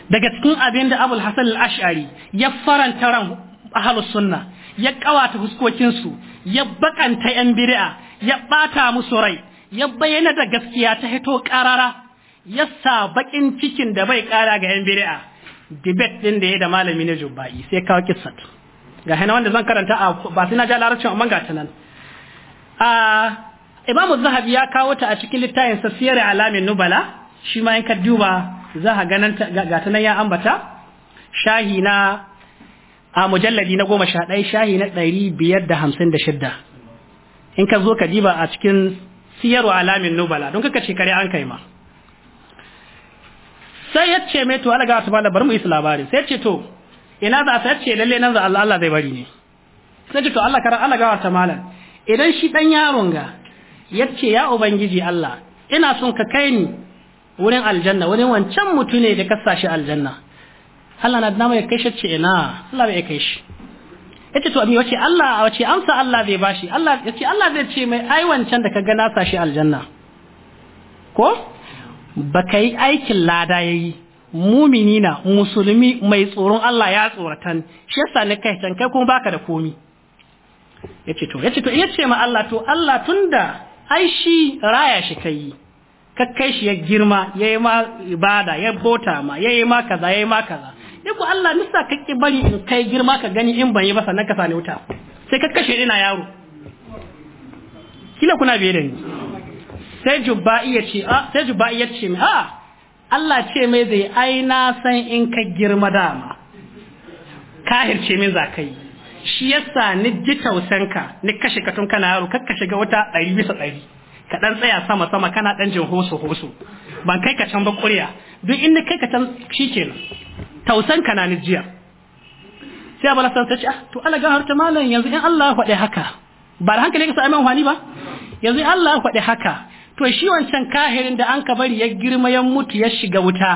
daga cikin abinda abul hasan al-ash'ari ya faranta ran ahlus sunna ya kawata huskokin su ya bakanta yan bid'a ya bata musu rai ya bayyana da gaskiya ta hito karara ya sa bakin cikin da bai kara ga yan bid'a debate din da ya da malami na jubba'i sai kawo kissat ga hana wanda zan karanta a ba sai na ja larabcin amma ga ta a imamu zahabi ya kawo ta a cikin littafin sa siyar alamin nubala shi ma in ka duba za ga nan ya ambata shahi na a mujalladi na goma sha ɗaya shahi na ɗari biyar da hamsin da shidda in ka zo ka diba a cikin siyarwa alamin nubala don kaka ce kare an kai ma sai ya ce mai to alaga su bala mu isa labarin sai ce to ina za a ce lalle nan za Allah Allah zai bari ne sai ce to Allah kara alaga ta malam idan shi dan yaron ga ya ce ya ubangiji Allah ina son ka kai ni wurin aljanna wurin wancan mutune da ka sa aljanna Allah na dama ya kai shi ce ina Allah bai kai shi yace to wace Allah wace amsa Allah bai bashi Allah yace Allah zai ce mai ai wancan da ka ga na sashi aljanna ko baka yi aikin lada yi mumini na musulmi mai tsoron Allah ya tsoratan shi yasa ni kai can kai kuma baka da komi yace to yace to yace ma Allah to Allah tunda ai shi raya shi kai kai shi ya girma ya yi ma ibada ya bota ma yi ma kaza ya yi ma kaza sai ku Allah nisa ka ki bari in kai girma ka gani in ban yi ba sannan ka sani wuta sai ka kashe ina yaro kila kuna biye da ni sai jubba'i ya ce Ah sai jubba'i ya ce ha Allah ce mai zai ai na san in ka girma dama ma. min za min yi shi yasa ni ji tausanka ni kashe ka tun kana yaro kashe ga wata ɗari bisa ɗari ka ɗan tsaya sama sama kana ɗan jin hoso hoso ban kai ka can ba ƙurya duk inda kai ka can shi kenan tausan ka na nijiya sai abu lasan sai ah to ala ga harta malam yanzu in Allah faɗi haka ba da hankali ka sa amin wani ba yanzu in Allah faɗi haka to shi wancan kahirin da an ka bari ya girma ya mutu ya shiga wuta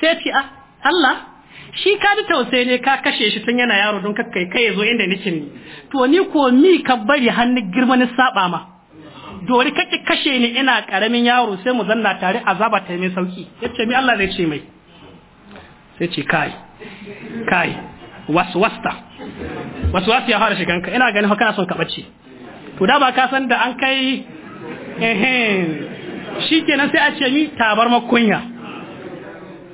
sai ce ah Allah shi ka ji tausai ne ka kashe shi tun yana yaro don ka kai zo inda nake ni to ni ko mi ka bari hannu girma ni saba ma dori kake kashe ni ina karamin yaro sai mu zanna tare azaba ta mai sauki yace mi Allah zai ce mai sai ce kai kai waswasta waswasi ya fara shiganka ina ganin kana son ka bace to da ba ka san da an kai ehem shikenan sai a ce mi tabar makunya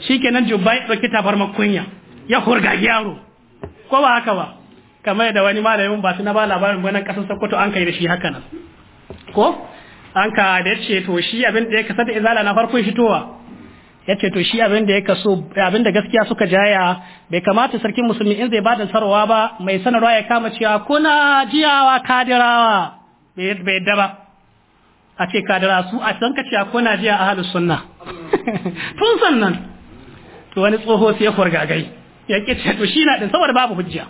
shikenan jubai dauki tabar makunya ya hurga yaro ko ba haka ba kamar da wani malamin ba su na ba labarin wannan kasar Sokoto an kai da shi haka nan ko an ka da ce to shi abin da ya kasar da izala na farkon towa yace to shi abin da ya kaso abin da gaskiya suka jaya bai kamata sarkin musulmi in zai bada sarwa ba mai sanarwa ya kama cewa kuna jiyawa kadirawa bai yadda ba a ce kadira su a san ka cewa kuna jiya halin sunna tun sannan to wani tsoho sai ya furgagai ya ce to shi na din saboda babu hujja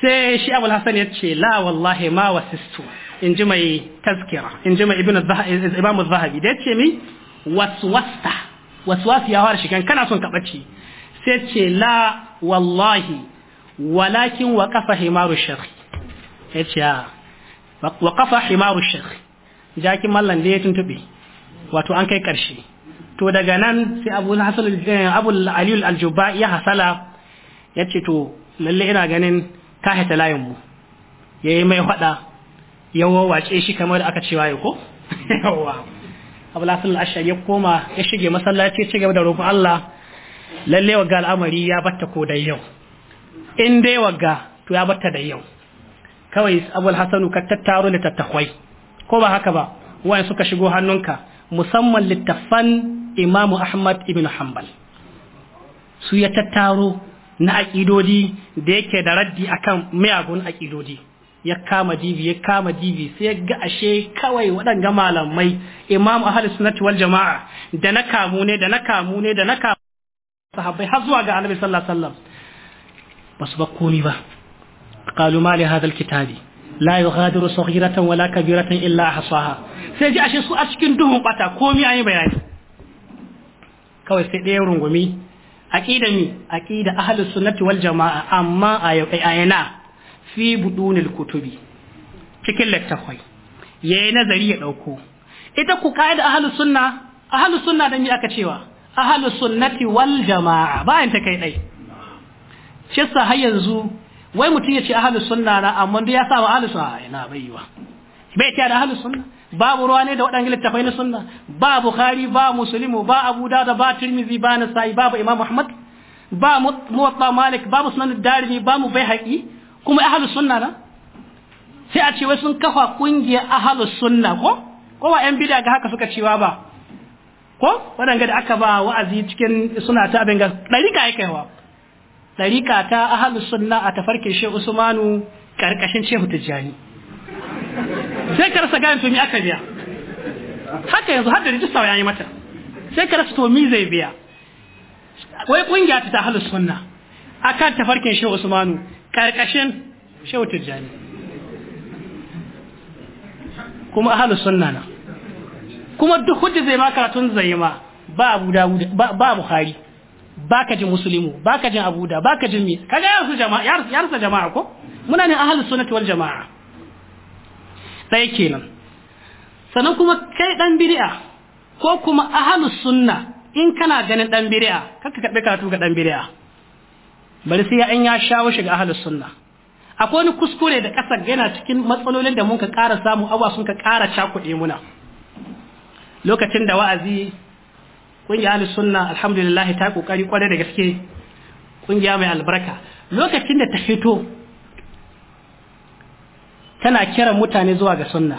sai shi abul hasan ya ce la wallahi ma wasistu in ji mai taskira in ji mai ibn zahabi da ya ce mi waswasta waswasi ya fara shigan kana son ka bace sai ce la wallahi walakin waqafa himaru shakh yace a ah, waqafa himaru shakh jakin mallan da ya tuntube wato an kai karshe to daga nan sai Abu Hasan eh, Abu Ali al ya hasala yace to lalle ina ganin ka hita layin mu yayi mai haɗa yawa wace shi kamar da aka cewa yau ko abu lasin ya koma ya shige masallaci ci gaba da roƙon Allah lalle waga al'amari ya batta ko da yau in dai waga to ya batta da yau kawai abul hasanu ka tattaro littattafai ko ba haka ba wani suka shigo hannunka musamman littattafan imamu ahmad ibn hanbal su ya tattaro na aƙidodi da yake da raddi akan miyagun aƙidodi ya kama dibi ya kama dibi sai ya ga ashe kawai waɗanga malamai imam ahli sunnati wal jama'a da na kamu ne da na kamu ne da na kamu sahabbai har zuwa ga annabi sallallahu alaihi wasallam basu ba komi ba qalu ma li hadha alkitabi la yughadiru saghiratan wala kabiratan illa ahsaha sai ji ashe su a cikin duhun bata komi an yi bayani kawai sai ɗaya rungumi aqida mi aqida ahli sunnati wal jama'a amma a yana fi budunil kutubi cikin littafai yayi nazari ya ɗauko ita ku kaida ahlus sunna ahlus sunna dan mi aka cewa ahlus sunnati wal jamaa bayan ta kai dai shi sa har yanzu wai mutum ya ce ahlus sunna na amma duk ya sa wa ahlus sunna ina baiwa bai ta da ahlus sunna babu ruwa ne da waɗanda littafai na sunna ba bukhari ba musulmi ba abu dada ba tirmizi ba nasa'i ba imam ahmad ba muwatta malik ba musnad darimi ba mu bai haƙi kuma ahlus sunna na sai a ce wai sun kafa kungiyar ahlus sunna ko ko ba yan bid'a ga haka suka cewa ba ko waɗanda da aka ba wa'azi cikin suna ta abin ga dariƙa ya kaiwa dariƙa ta ahlus sunna a tafarkin shehu usmanu karkashin shehu tijjani sai ka rasa gane to aka biya haka yanzu har da rijista ya yi mata sai ka rasa to me zai biya wai kungiya ta ahlus sunna akan tafarkin shehu usmanu karkashin shautar jami kuma ahalu sunna na kuma duk hujja zai ma karatun zai ma ba abu dawuda ba bukhari ba ka jin musulmi ba ka jin da ba ka jin mi kaga yarsu jama'a yarsa jama'a ko muna ne ahalu sunnati wal jama'a ɗaya kenan sannan kuma kai dan bid'a ko kuma ahalu sunna in kana ganin dan bid'a kaka kabe karatu ga dan bid'a bari sai an ya shawo ga ahlus sunna akwai wani kuskure da kasar yana cikin matsalolin da mun ka ƙara samu abuwa sun ka ƙara cakuɗe muna lokacin da wa'azi ƙungiya ahlus sunna alhamdulillah ta kokari kwarai da gaske ƙungiya mai albarka lokacin da ta fito tana kiran mutane zuwa ga sunna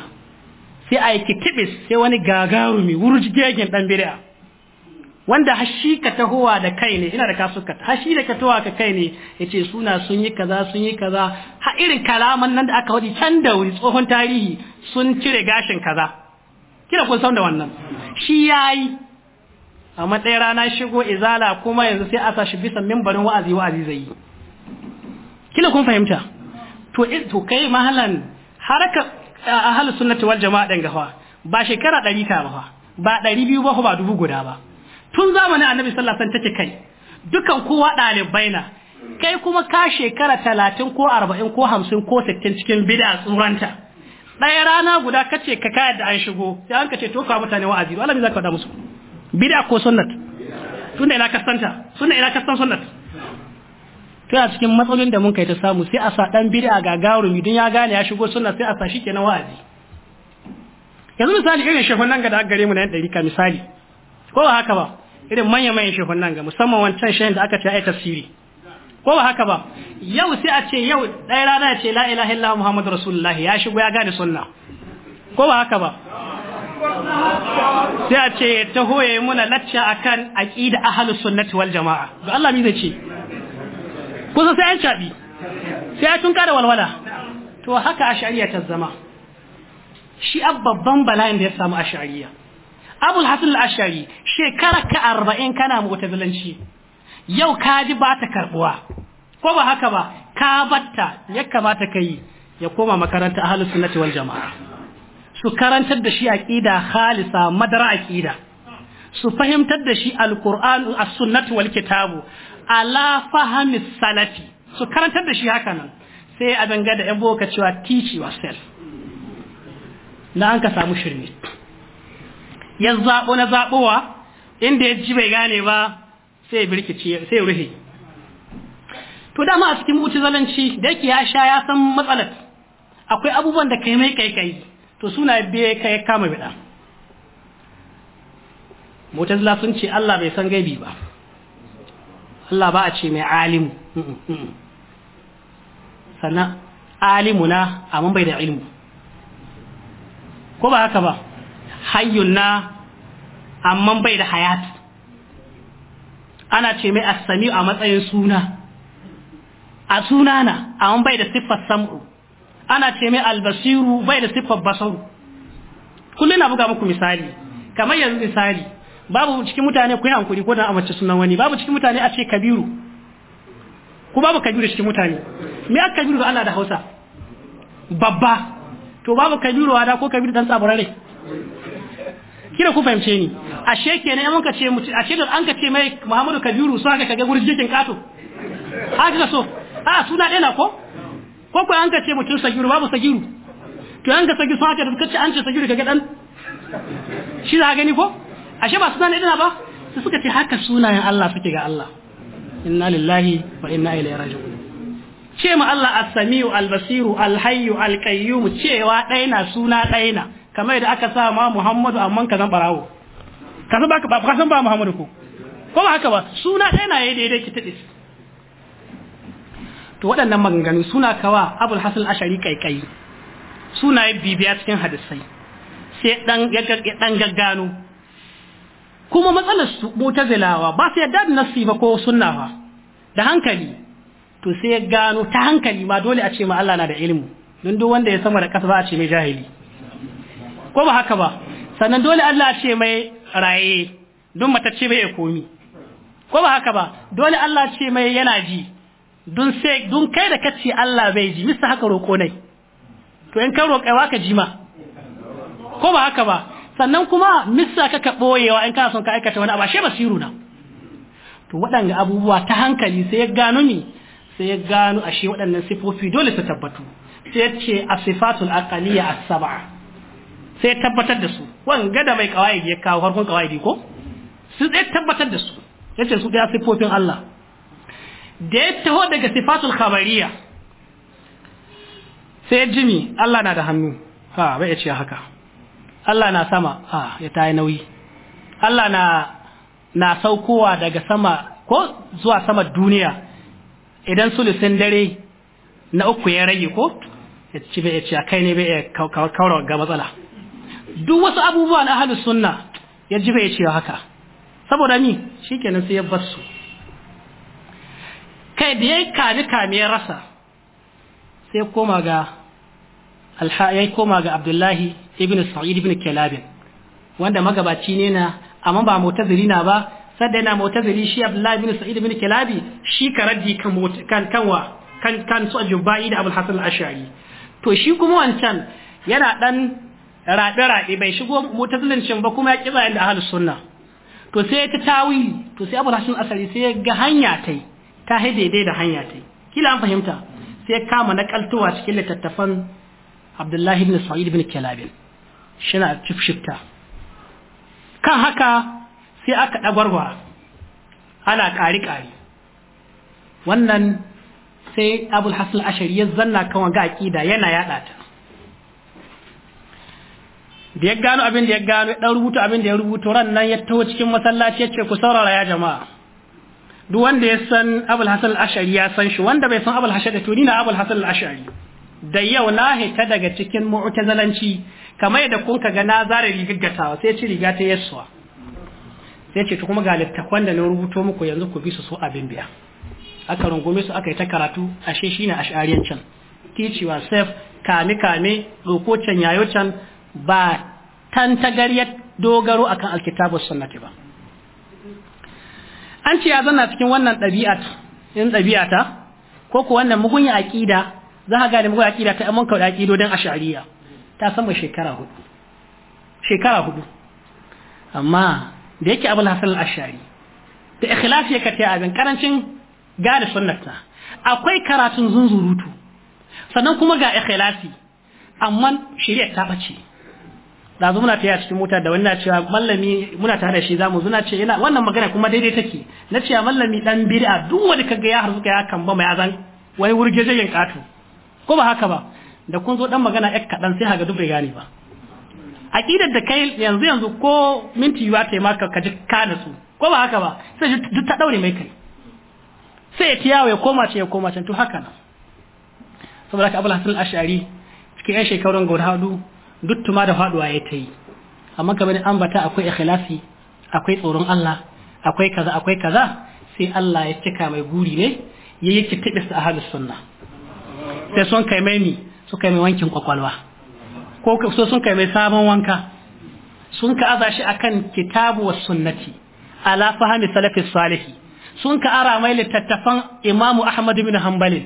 sai a yi kitibis sai wani gagarumi wurjigegen dan bid'a wanda hashi ka tahowa da kai ne ina da kasuka hashi da ka tahowa ka kai ne yace suna sun yi kaza sun yi kaza ha irin kalaman nan da aka wadi can da wuri tsohon tarihi sun cire gashin kaza kira kun san da wannan shi yayi a matsayin rana shigo izala kuma yanzu sai asa shi bisa mimbarin wa'azi wa'azi zai yi Kila kun fahimta to eh, to kai mahalan haraka ahlus sunnati wal jama'a dangawa ba shekara 100 ka ba ba 200 ba ba dubu guda ba tun zamanin annabi sallallahu alaihi wasallam take kai dukan kowa ɗalibai na kai kuma ka shekara talatin ko arba'in ko hamsin ko sittin cikin bida tsuranta ɗaya rana guda kace ka kayar da an shigo sai an kace to ka mutane wa'azi Allah ne zaka faɗa musu bida ko sunnat tunda ina kasanta sunna ina kasan sunnat to a cikin matsalolin da mun kai ta samu sai a sa dan bid'a ga garumi idan ya gane ya shigo sunna sai a sa shi kenan wa'azi yanzu misali irin shehun nan ga da gare mu na yan ɗari ka misali ko ba haka ba irin manya manyan shehun nan ga musamman wancan shehin da aka ce ai tafsiri ko ba haka ba yau sai a ce yau ɗaya rana ya ce la ilaha illallah muhammadu rasulullah ya shigo ya gane sunna ko ba haka ba sai a ce ta hoye muna lacca akan aqida ahlus sunnati wal jamaa ga Allah mi zai ce kusa sai an shabi sai ya tunka da walwala to haka ashariya ta zama shi babban bala'in da ya samu ashariya abul hasan al-ashari shekara ka arba'in kana mutazilanci yau ka ji ba ta karbuwa ko ba haka ba ka batta ya kamata ka yi ya koma makaranta ahlus sunnati wal jama'a su karantar da shi aqida khalisa madara aqida su fahimtar da shi alquran as-sunnatu wal kitabu ala fahmi su karantar da shi haka nan sai a danga da yan boka cewa teach yourself na an ka samu shirme ya zaɓo na zaɓowa inda ya ji bai gane ba sai ya birkice sai ya rufe to dama a cikin mutu zalanci da yake ya sha ya san matsalar akwai abubuwan da kai mai kai kai to suna biye kai kama bida mutazila sun ce Allah bai san gaibi ba Allah ba a ce mai alimu sannan alimuna amma bai da ilmu ko ba haka ba hayyun na amman bai da hayat ana ce mai asami a matsayin suna a suna na amman bai da siffar sam'u ana ce mai albasiru bai da siffar basaru kullum na buga muku misali kamar yanzu misali babu cikin mutane ku yi hankuri ko da a mace sunan wani babu cikin mutane a ce kabiru ku babu kabiru cikin mutane me aka kabiru da ana da hausa babba to babu kabiru wada ko kabiru dan tsabarare kira ku fahimce ni ashe kenan in muka ce ashe da an ka ce mai Muhammadu Kabiru so haka kage gurin jikin kato haka kika so a suna ɗaya na ko ko ko an ka ce mutum sagiru babu sagiru to an ka sagiru so haka da ce an ce sagiru kage dan shi za gani ko ashe ba suna ɗaya na ba su suka ce haka sunayen Allah suke ga Allah inna lillahi wa inna ilaihi raji'un ce ma Allah as-sami'u al-basiru al-hayyu al-qayyum cewa ɗaya na suna ɗaya na kamar da aka sa ma Muhammadu amma ka zan barawo ka san ba ka san ba Muhammadu ko ko ba haka ba suna ɗaya na yayi daidai kitadis to waɗannan maganganu suna kawa Abul Hasan Ashari kaikai suna yi bibiya cikin hadisai sai dan dan gaggano kuma matsalar su mutazilawa ba su yadda da nasi ba ko sunna ba da hankali to sai ya gano ta hankali ma dole a ce ma Allah na da ilimi don duk wanda ya sama da kasa za a ce mai jahili ko ba haka ba sannan dole Allah ce mai raye don matacce bai komi ko ba haka ba dole Allah ce mai yana ji don sai don kai da kace Allah bai ji misa haka roko nai to in ka wa ka ji ma ko ba haka ba sannan kuma misa ka ka boyewa in kana son ka aikata wani abu ashe basiru na to waɗanga abubuwa ta hankali sai ya gano ni sai ya gano ashe waɗannan sifofi dole su tabbatu sai ya ce asifatul sifatul aqaliyya as-sab'a sai tabbatar da su wanga da mai kawai ya kawo farkon kawaidi ko su sai tabbatar da su ya ce su ɗaya sifofin Allah da ya taho daga sifatul khabariya sai jimi Allah na da hannu ha bai ya ce haka Allah na sama ha ya ta yi nauyi Allah na na saukowa daga sama ko zuwa sama duniya idan sulusin dare na uku ya rage ko ya ci bai ya ce kai ne bai ya kawar ga matsala duk wasu abubuwa na ahlus sunna ya ji bai ce haka saboda ni shikenan sai ya bar kai da ya yi kami kame ya rasa sai koma ga koma ga Abdullahi ibn Sa'id ibn kelabin wanda magabaci ne na amma ba mota na ba sadda yana mu'tazili shi Abdullahi ibn Sa'id ibn kelabi shi ka kan kan kanwa kan kan su ajubai da Abul Hasan al-Ash'ari to shi kuma wancan yana dan raɗe-raɗe bai shigo mutazilincin ba kuma ya ƙiza inda ahalus sunna to sai ta tawi to sai abu hashin asali sai ga hanya ta ta daidai da hanya ta kila an fahimta sai kama na kaltuwa cikin littattafan abdullahi ibn sa'id ibn kalabin shina cifshifta kan haka sai aka ɗagwarwa ana ƙari-ƙari wannan sai abul hasan ashari ya zanna kan ga aƙida yana yaɗata. ta da ya gano abin da ya gano ya dan rubuta abin da ya rubuta ran nan ya taho cikin masallaci ya ce ku saurara ya jama'a duk wanda ya san Abul Hasan al-Ash'ari ya san shi wanda bai san Abul Hasan to ni na Abul Hasan al-Ash'ari da yau na hita daga cikin mu'tazalanci kamar yadda kun kaga na zare rigaggatawa sai ci riga ta yassuwa sai ce to kuma ga littafan da na rubuto muku yanzu ku bi su so abin biya aka rungume su aka yi ta karatu ashe shine ash'ariyancin teach yourself kame kame roko can can ba tantagaryar dogaro akan alkitabu sunnati ba an ce ya zana cikin wannan ɗabi'at in ɗabi'ata ko ko wannan mugunya aqida za ka gane mugunya aqida ta amon kawai aqidodin ashariya. ta sama shekara hudu shekara hudu amma da yake abul hasan al-ash'ari da ikhlasi yake ta abin karancin gane sunnata akwai karatun zunzurutu sannan kuma ga ikhlasi amma shari'a ta bace da zo muna taya cikin mota da wani na cewa mallami muna tare da shi zamu zuna ce ina wannan magana kuma daidai take na ce mallami dan bid'a duk wanda kaga ya harzuka ya kan ba mai azan wai wurgejeyen katu ko ba haka ba da kun zo dan magana ek kadan sai haga duk bai gane ba aqidar da kai yanzu yanzu ko minti yuwa ta maka ka ji ka da su ko ba haka ba sai duk ta daure mai kai sai ya tiyawa ya koma ce ya koma can to haka nan saboda ka Abul Hasan al-Ash'ari cikin 'yan shekarun guda duk tuma da faduwa ya ta yi amma kamar ambata akwai ikhlasi akwai tsoron Allah akwai kaza akwai kaza sai Allah ya cika mai guri ne ya yi kitibis a halin sunna sai sun kai mai ni su kai mai wankin kwakwalwa ko so sun kai mai sabon wanka sun ka aza shi akan kitabu wa sunnati ala fahmi salafis salihi sun ka ara mai littattafan imamu ahmad bin hanbali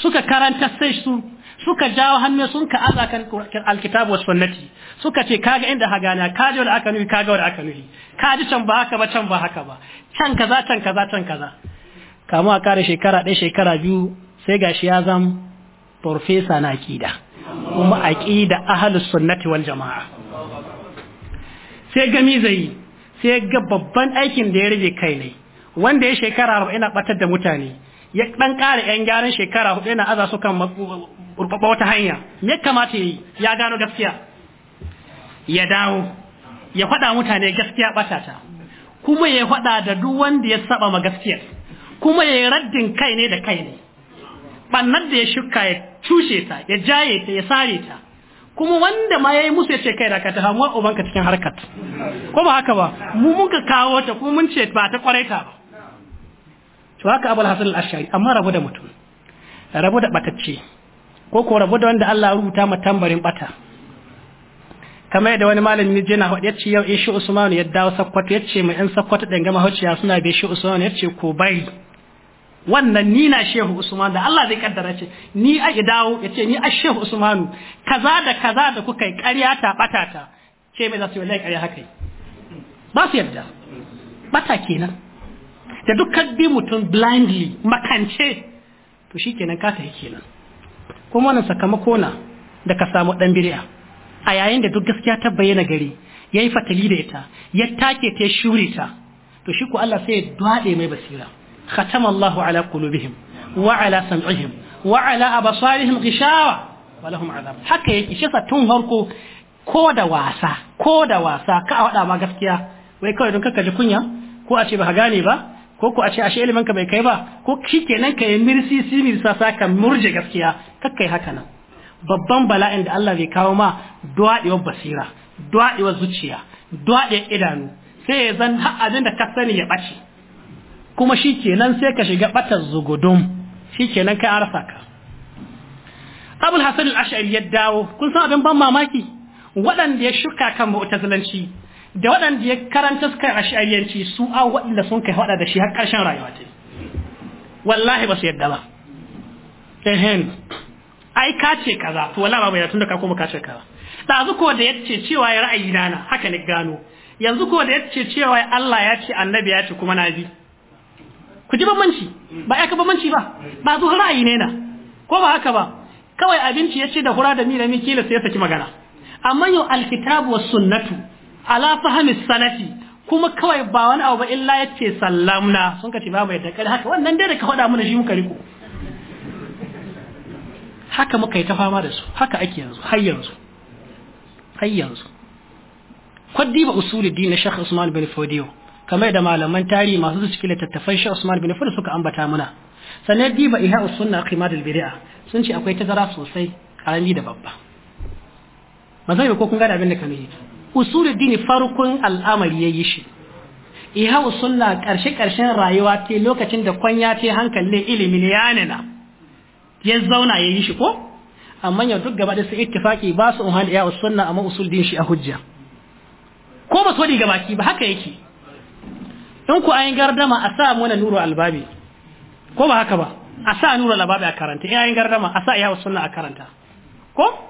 suka karanta sai su suka jawo hannu sun ka aza kan alkitabu wasu sunnati suka ce kaga inda hagana kaji wani aka nufi kaga wani aka nufi kaji can ba haka ba can ba haka ba can kaza can kaza can kaza kamu a kare shekara ɗaya shekara biyu sai gashi ya zam farfesa na kida kuma akida ahalus sunnati wal jamaa sai gami zai sai ga babban aikin da ya rage kai ne wanda ya shekara 40 na batar da mutane ya ɗan ƙara yan gyaran shekara hudu yana aza su kan gurbaba wata hanya ya kamata yi ya gano gaskiya ya dawo ya faɗa mutane gaskiya ɓata ta kuma ya faɗa da duk wanda ya saba ma gaskiya kuma ya yi raddin kai ne da kai ne Ɓannar da ya shuka ya cushe ta ya jaye ta ya sare ta kuma wanda ma ya yi musu ya ce kai da ka ta hamuwa ka cikin harkat ko ba haka ba mu muka kawo ta kuma mun ce ba ta kwarai ta ba to haka abul hasan al-ashari amma rabu da mutum rabu da batacce ko ko rabu da wanda Allah rubuta ma tambarin bata kamar da wani malami ne jina hodi yace yau ishi Usman ya dawo sakkwato yace mai yan sakkwato dan gama hociya suna bai shi Usman yace ko bai wannan ni na shehu Usman da Allah zai kaddara ce ni a dawo yace ni a shehu Usmanu kaza da kaza da kuka yi ƙarya ta batata ce mai za su yi wallahi ƙarya haka ba su yadda bata kenan da dukkan bi mutum blindly makance to shi kenan ka yi kenan kuma wannan sakamako na da ka samu dan biri'a. a yayin da duk gaskiya ta bayyana gari yayi fatali da ita ya take ta shure ta to shi ko Allah sai ya dade mai basira khatama Allahu ala qulubihim wa ala sam'ihim wa ala absarihim ghishawa wa lahum adab haka yake shi sa tun harko ko da wasa ko da wasa ka a wada ma gaskiya wai kawai don kaka ji kunya ko a ce ba gane ba ko ku a ce ashe ilimin ka bai kai ba ko nan ka yi mirsi mirsa sa ka murje gaskiya kai haka nan babban bala'in da Allah bai kawo ma duwadewar basira duwadewar zuciya duwadewar idanu sai ya zan har abin da ka sani ya ɓace kuma shi shikenan sai ka shiga ɓatar zugudum nan kai an rasa ka abul hasan al-ash'ari ya dawo kun san abin ban mamaki waɗanda ya shuka kan mu'tazilanci da waɗanda ya karanta suka ash'ariyanci su a waɗanda sun kai faɗa da shi har ƙarshen rayuwa ce. wallahi ba su yadda ba ehen ai ka ce kaza to wallahi ba bai tun da ka kuma ka ce kaza dazu ko da yace cewa ya ra'ayi na haka ne gano yanzu ko da yace cewa Allah ya ce annabi ya ce kuma na bi ku ji bambanci ba ya ka bambanci ba ba zuwa ra'ayi ne na ko ba haka ba kawai abinci ya ce da hura da mi da mi kila sai ya saki magana amma yau alkitabu was sunnatu ala Fahimis salafi kuma kawai ba wani abu ba illa yace sallamna sun ka ce mai yadda haka wannan dai da ka faɗa mana shi muka riko haka muka yi ta fama da su haka ake yanzu har yanzu har yanzu kwaddi ba usuluddin na Sheikh Usman bin Fodiyo kamar da malaman tarihi masu su cikin tattafan Sheikh Usman bin Fodiyo suka ambata muna sannan diba ihya usunna qimadul bid'a sun ce akwai tazara sosai karami da babba mazai ko kun gada abin da kamihi usuluddin farkon al'amari yayi shi iha usulla karshe karshen rayuwa te lokacin da kwanya te hankalin ilimin yanina ya zauna yayi shi ko amma yau duk gaba da su ittifaki ba su umar iya usunna amma usuluddin shi a hujja ko ba su wadi gabaki ba haka yake in ku ayin gardama a sa mana nuru albabi ko ba haka ba a sa nuru albabi a karanta in ayin gardama a sa iya usunna a karanta ko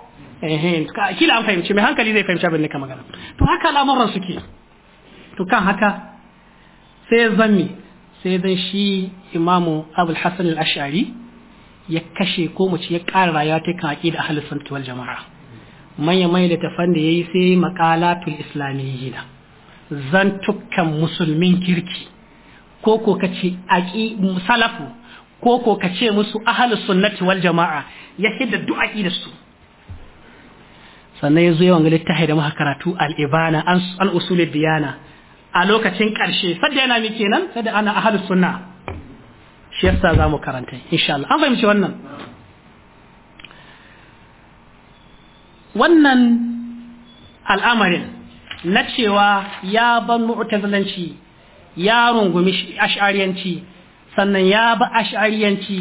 kila an fahimci mai hankali zai fahimci abin da ka magana to haka al'amuran suke to kan haka sai zanni sai dan shi imamu abul hasan al-ash'ari ya kashe ko mu ya ƙara rayuwa ta kan aqida ahlus sunnah wal jamaa manya mai da tafan da yayi sai maqalatul islamiyyin tukkan musulmin kirki ko ko kace aqi salafu ko ko kace musu ahlus sunnati wal jamaa ya hidda du'a su sannan ya zo yawan ga littafi da muka karatu al-ibana an usul diyana a lokacin karshe sadda yana mi kenan sadda ana ahlus sunna shi za mu karanta insha Allah an fahimci wannan wannan al'amarin na cewa ya ban mu'tazilanci ya rungumi ash'ariyanci sannan ya ba ash'ariyanci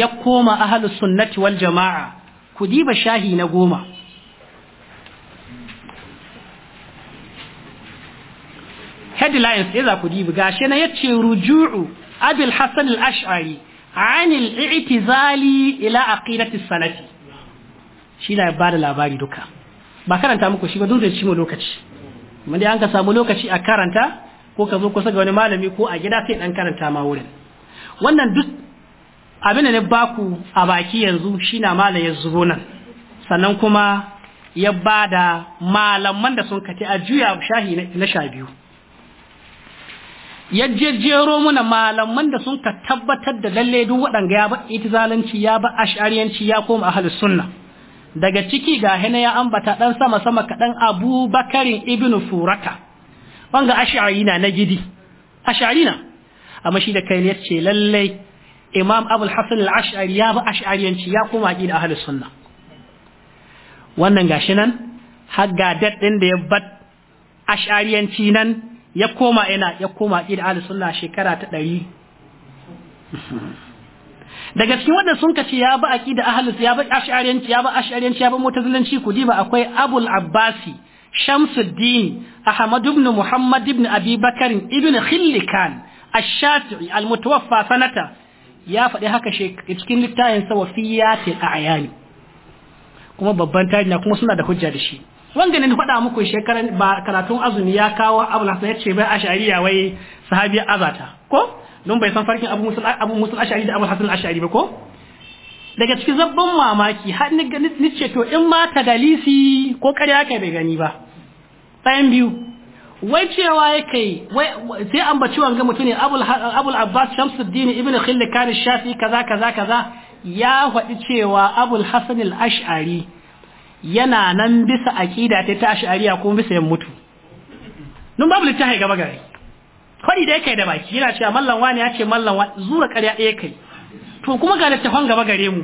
ya koma ahlus sunnati wal jama'a ku diba shahi na goma headlines sai za ku dibi gashi na yace ruju'u abul hasan al-ash'ari an al-i'tizali ila aqidati salafi shi na da labari duka ba karanta muku shi ba duk da shi mu lokaci mun dai an ka samu lokaci a karanta ko ka zo kusa ga wani malami ko a gida sai dan karanta ma wurin wannan duk abin da ne baku a baki yanzu shi na malam ya zubo nan sannan kuma ya bada malaman da sun kace a juya shahi na sha biyu ya jejjero muna malaman da sun ka tabbatar da lalle duk waɗanga ya ba itizalanci ya ba ash'ariyanci ya koma ahlus sunna daga ciki ga hina ya ambata dan sama sama kaɗan Abu Bakarin ibn Furaka wanga ash'ari na gidi ash'ari na amma shi da kai ne ce lalle Imam Abu al-Hasan al-Ash'ari ya ba ash'ariyanci ya koma aqida ahlus sunna wannan gashi nan har ga daddin da ya bat ash'ariyanci nan ya koma ina ya koma aqida ahlus sunna shekara ta 100 daga cikin wanda sun kace ya ba aqida ahlus ya ba ash'ariyanci ya ba ash'ariyanci ya ba mu'tazilanci ku diba akwai abul abbasi shamsuddin ahmad ibn muhammad ibn abi bakr ibn khillikan ash-shafi'i al-mutawaffa sanata ya faɗi haka cikin littafin sa wafiyatil a'yani kuma babban tarihi kuma suna da hujja da shi wanga ne faɗa muku shekaran ba karatun azumi ya kawo abu hasan ya ce bai ashariya wai sahabi azata ko don bai san farkin abu musul abu musul ashari da abu hasan ashari ba ko daga cikin zabban mamaki har ni ni ce to in ma ta galisi ko ƙarya kai bai gani ba tsayin biyu wai cewa ya kai sai ambaci wanga mutum ne abul abbas shamsuddin ibn khilli kan shafi kaza kaza kaza ya faɗi cewa abul hasan al ash'ari yana nan bisa aqida ta ta ko kuma bisa yan mutu nun babu littafi gaba gare kwari da yake da baki yana cewa mallan wani ya ce mallan wani zura ƙarya ɗaya kai to kuma ga littafan gaba gare mu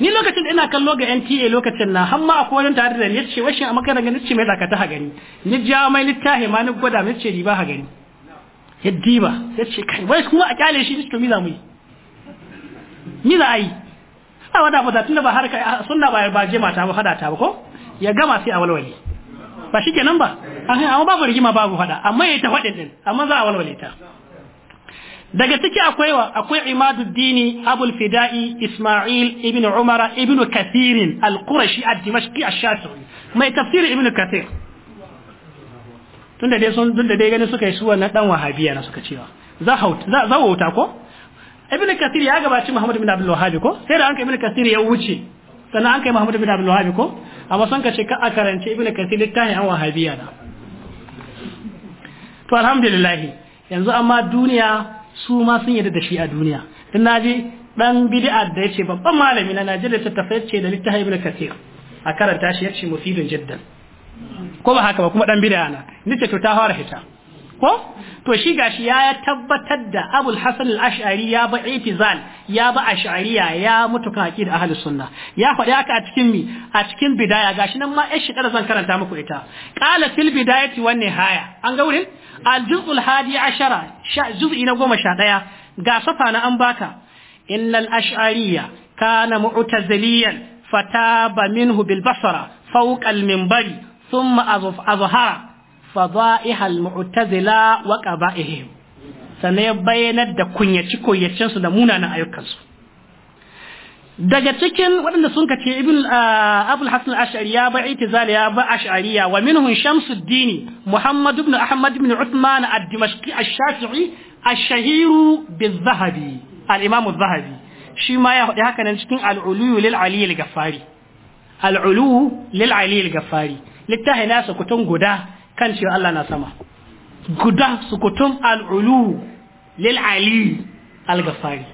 ni lokacin da ina kallo ga NTA lokacin na hamma a kowane tare da ya ce washin a makarar ganin ce mai zakata ha gani ni ja mai littafi ma ni gwada mai ce riba ha gani ya diba ya ce kai wai kuma a kyale shi to mi za mu yi mi za a yi a wada fata tunda ba harka sunna ba ba je ta ba fada ta ba ko ya gama sai a walwale ba shi nan ba amma babu rigima babu fada amma ya ta fadin din amma za a walwale ta daga ciki akwai akwai imaduddini abul fida'i isma'il ibn umara ibn kathir al-qurashi ad-dimashqi ash-shafi'i mai tafsir ibn kathir tunda dai sun tunda dai ganin suka yi suwa na dan wahabiya na suka cewa za hauta za wauta ko ibn kasir ya gabaci muhammad bin abdul wahhab ko sai da an kai ibn kasir ya wuce sannan an kai muhammad bin abdul wahhab ko amma son ka ce ka a karance ibn kasir littafin an wahabiya na to alhamdulillah yanzu amma duniya su ma sun yarda da shi a duniya dan naji dan bid'a da yace babban malami na Najeriya ta tafayace da littafin ibn kasir a karanta shi yace mufidun jiddan ko ba haka ba kuma dan bid'a na nace to ta fara hita ko to shi gashi ya tabbatar da abul hasan al-ash'ari ya ba itizal ya ba ash'ariya ya mutuka aqid ahli sunna ya faɗi haka a cikin mi a cikin bidaya gashi nan ma ai shekara zan karanta muku ita qala fil bidayati wan nihaya an ga wurin al-juz'ul hadi ashara juz'i na 11 ga safa na an baka innal ash'ariya kana mu'taziliyan fataba minhu bil basara fawqa al-minbari thumma azhara fadha'ihal mu'tazila wa qaba'ihim sannan ya bayyanar da kunyaci koyacin su da munanan ayyukansu daga cikin waɗanda sun kace ibn ah, abul hasan ba itizali ya ba ash'ariya wa minhum shamsuddin muhammad ibn ahmad ibn uthman ad-dimashqi ash-shafi'i ash-shahiru biz-zahabi al-imam zahabi shi ma ya faɗi haka nan cikin al-ulu lil ali al-ghaffari al-ulu lil ali al-ghaffari littahi nasa kutun guda kan cewa Allah na sama guda su kutum al'ulu lil ali al al-gafari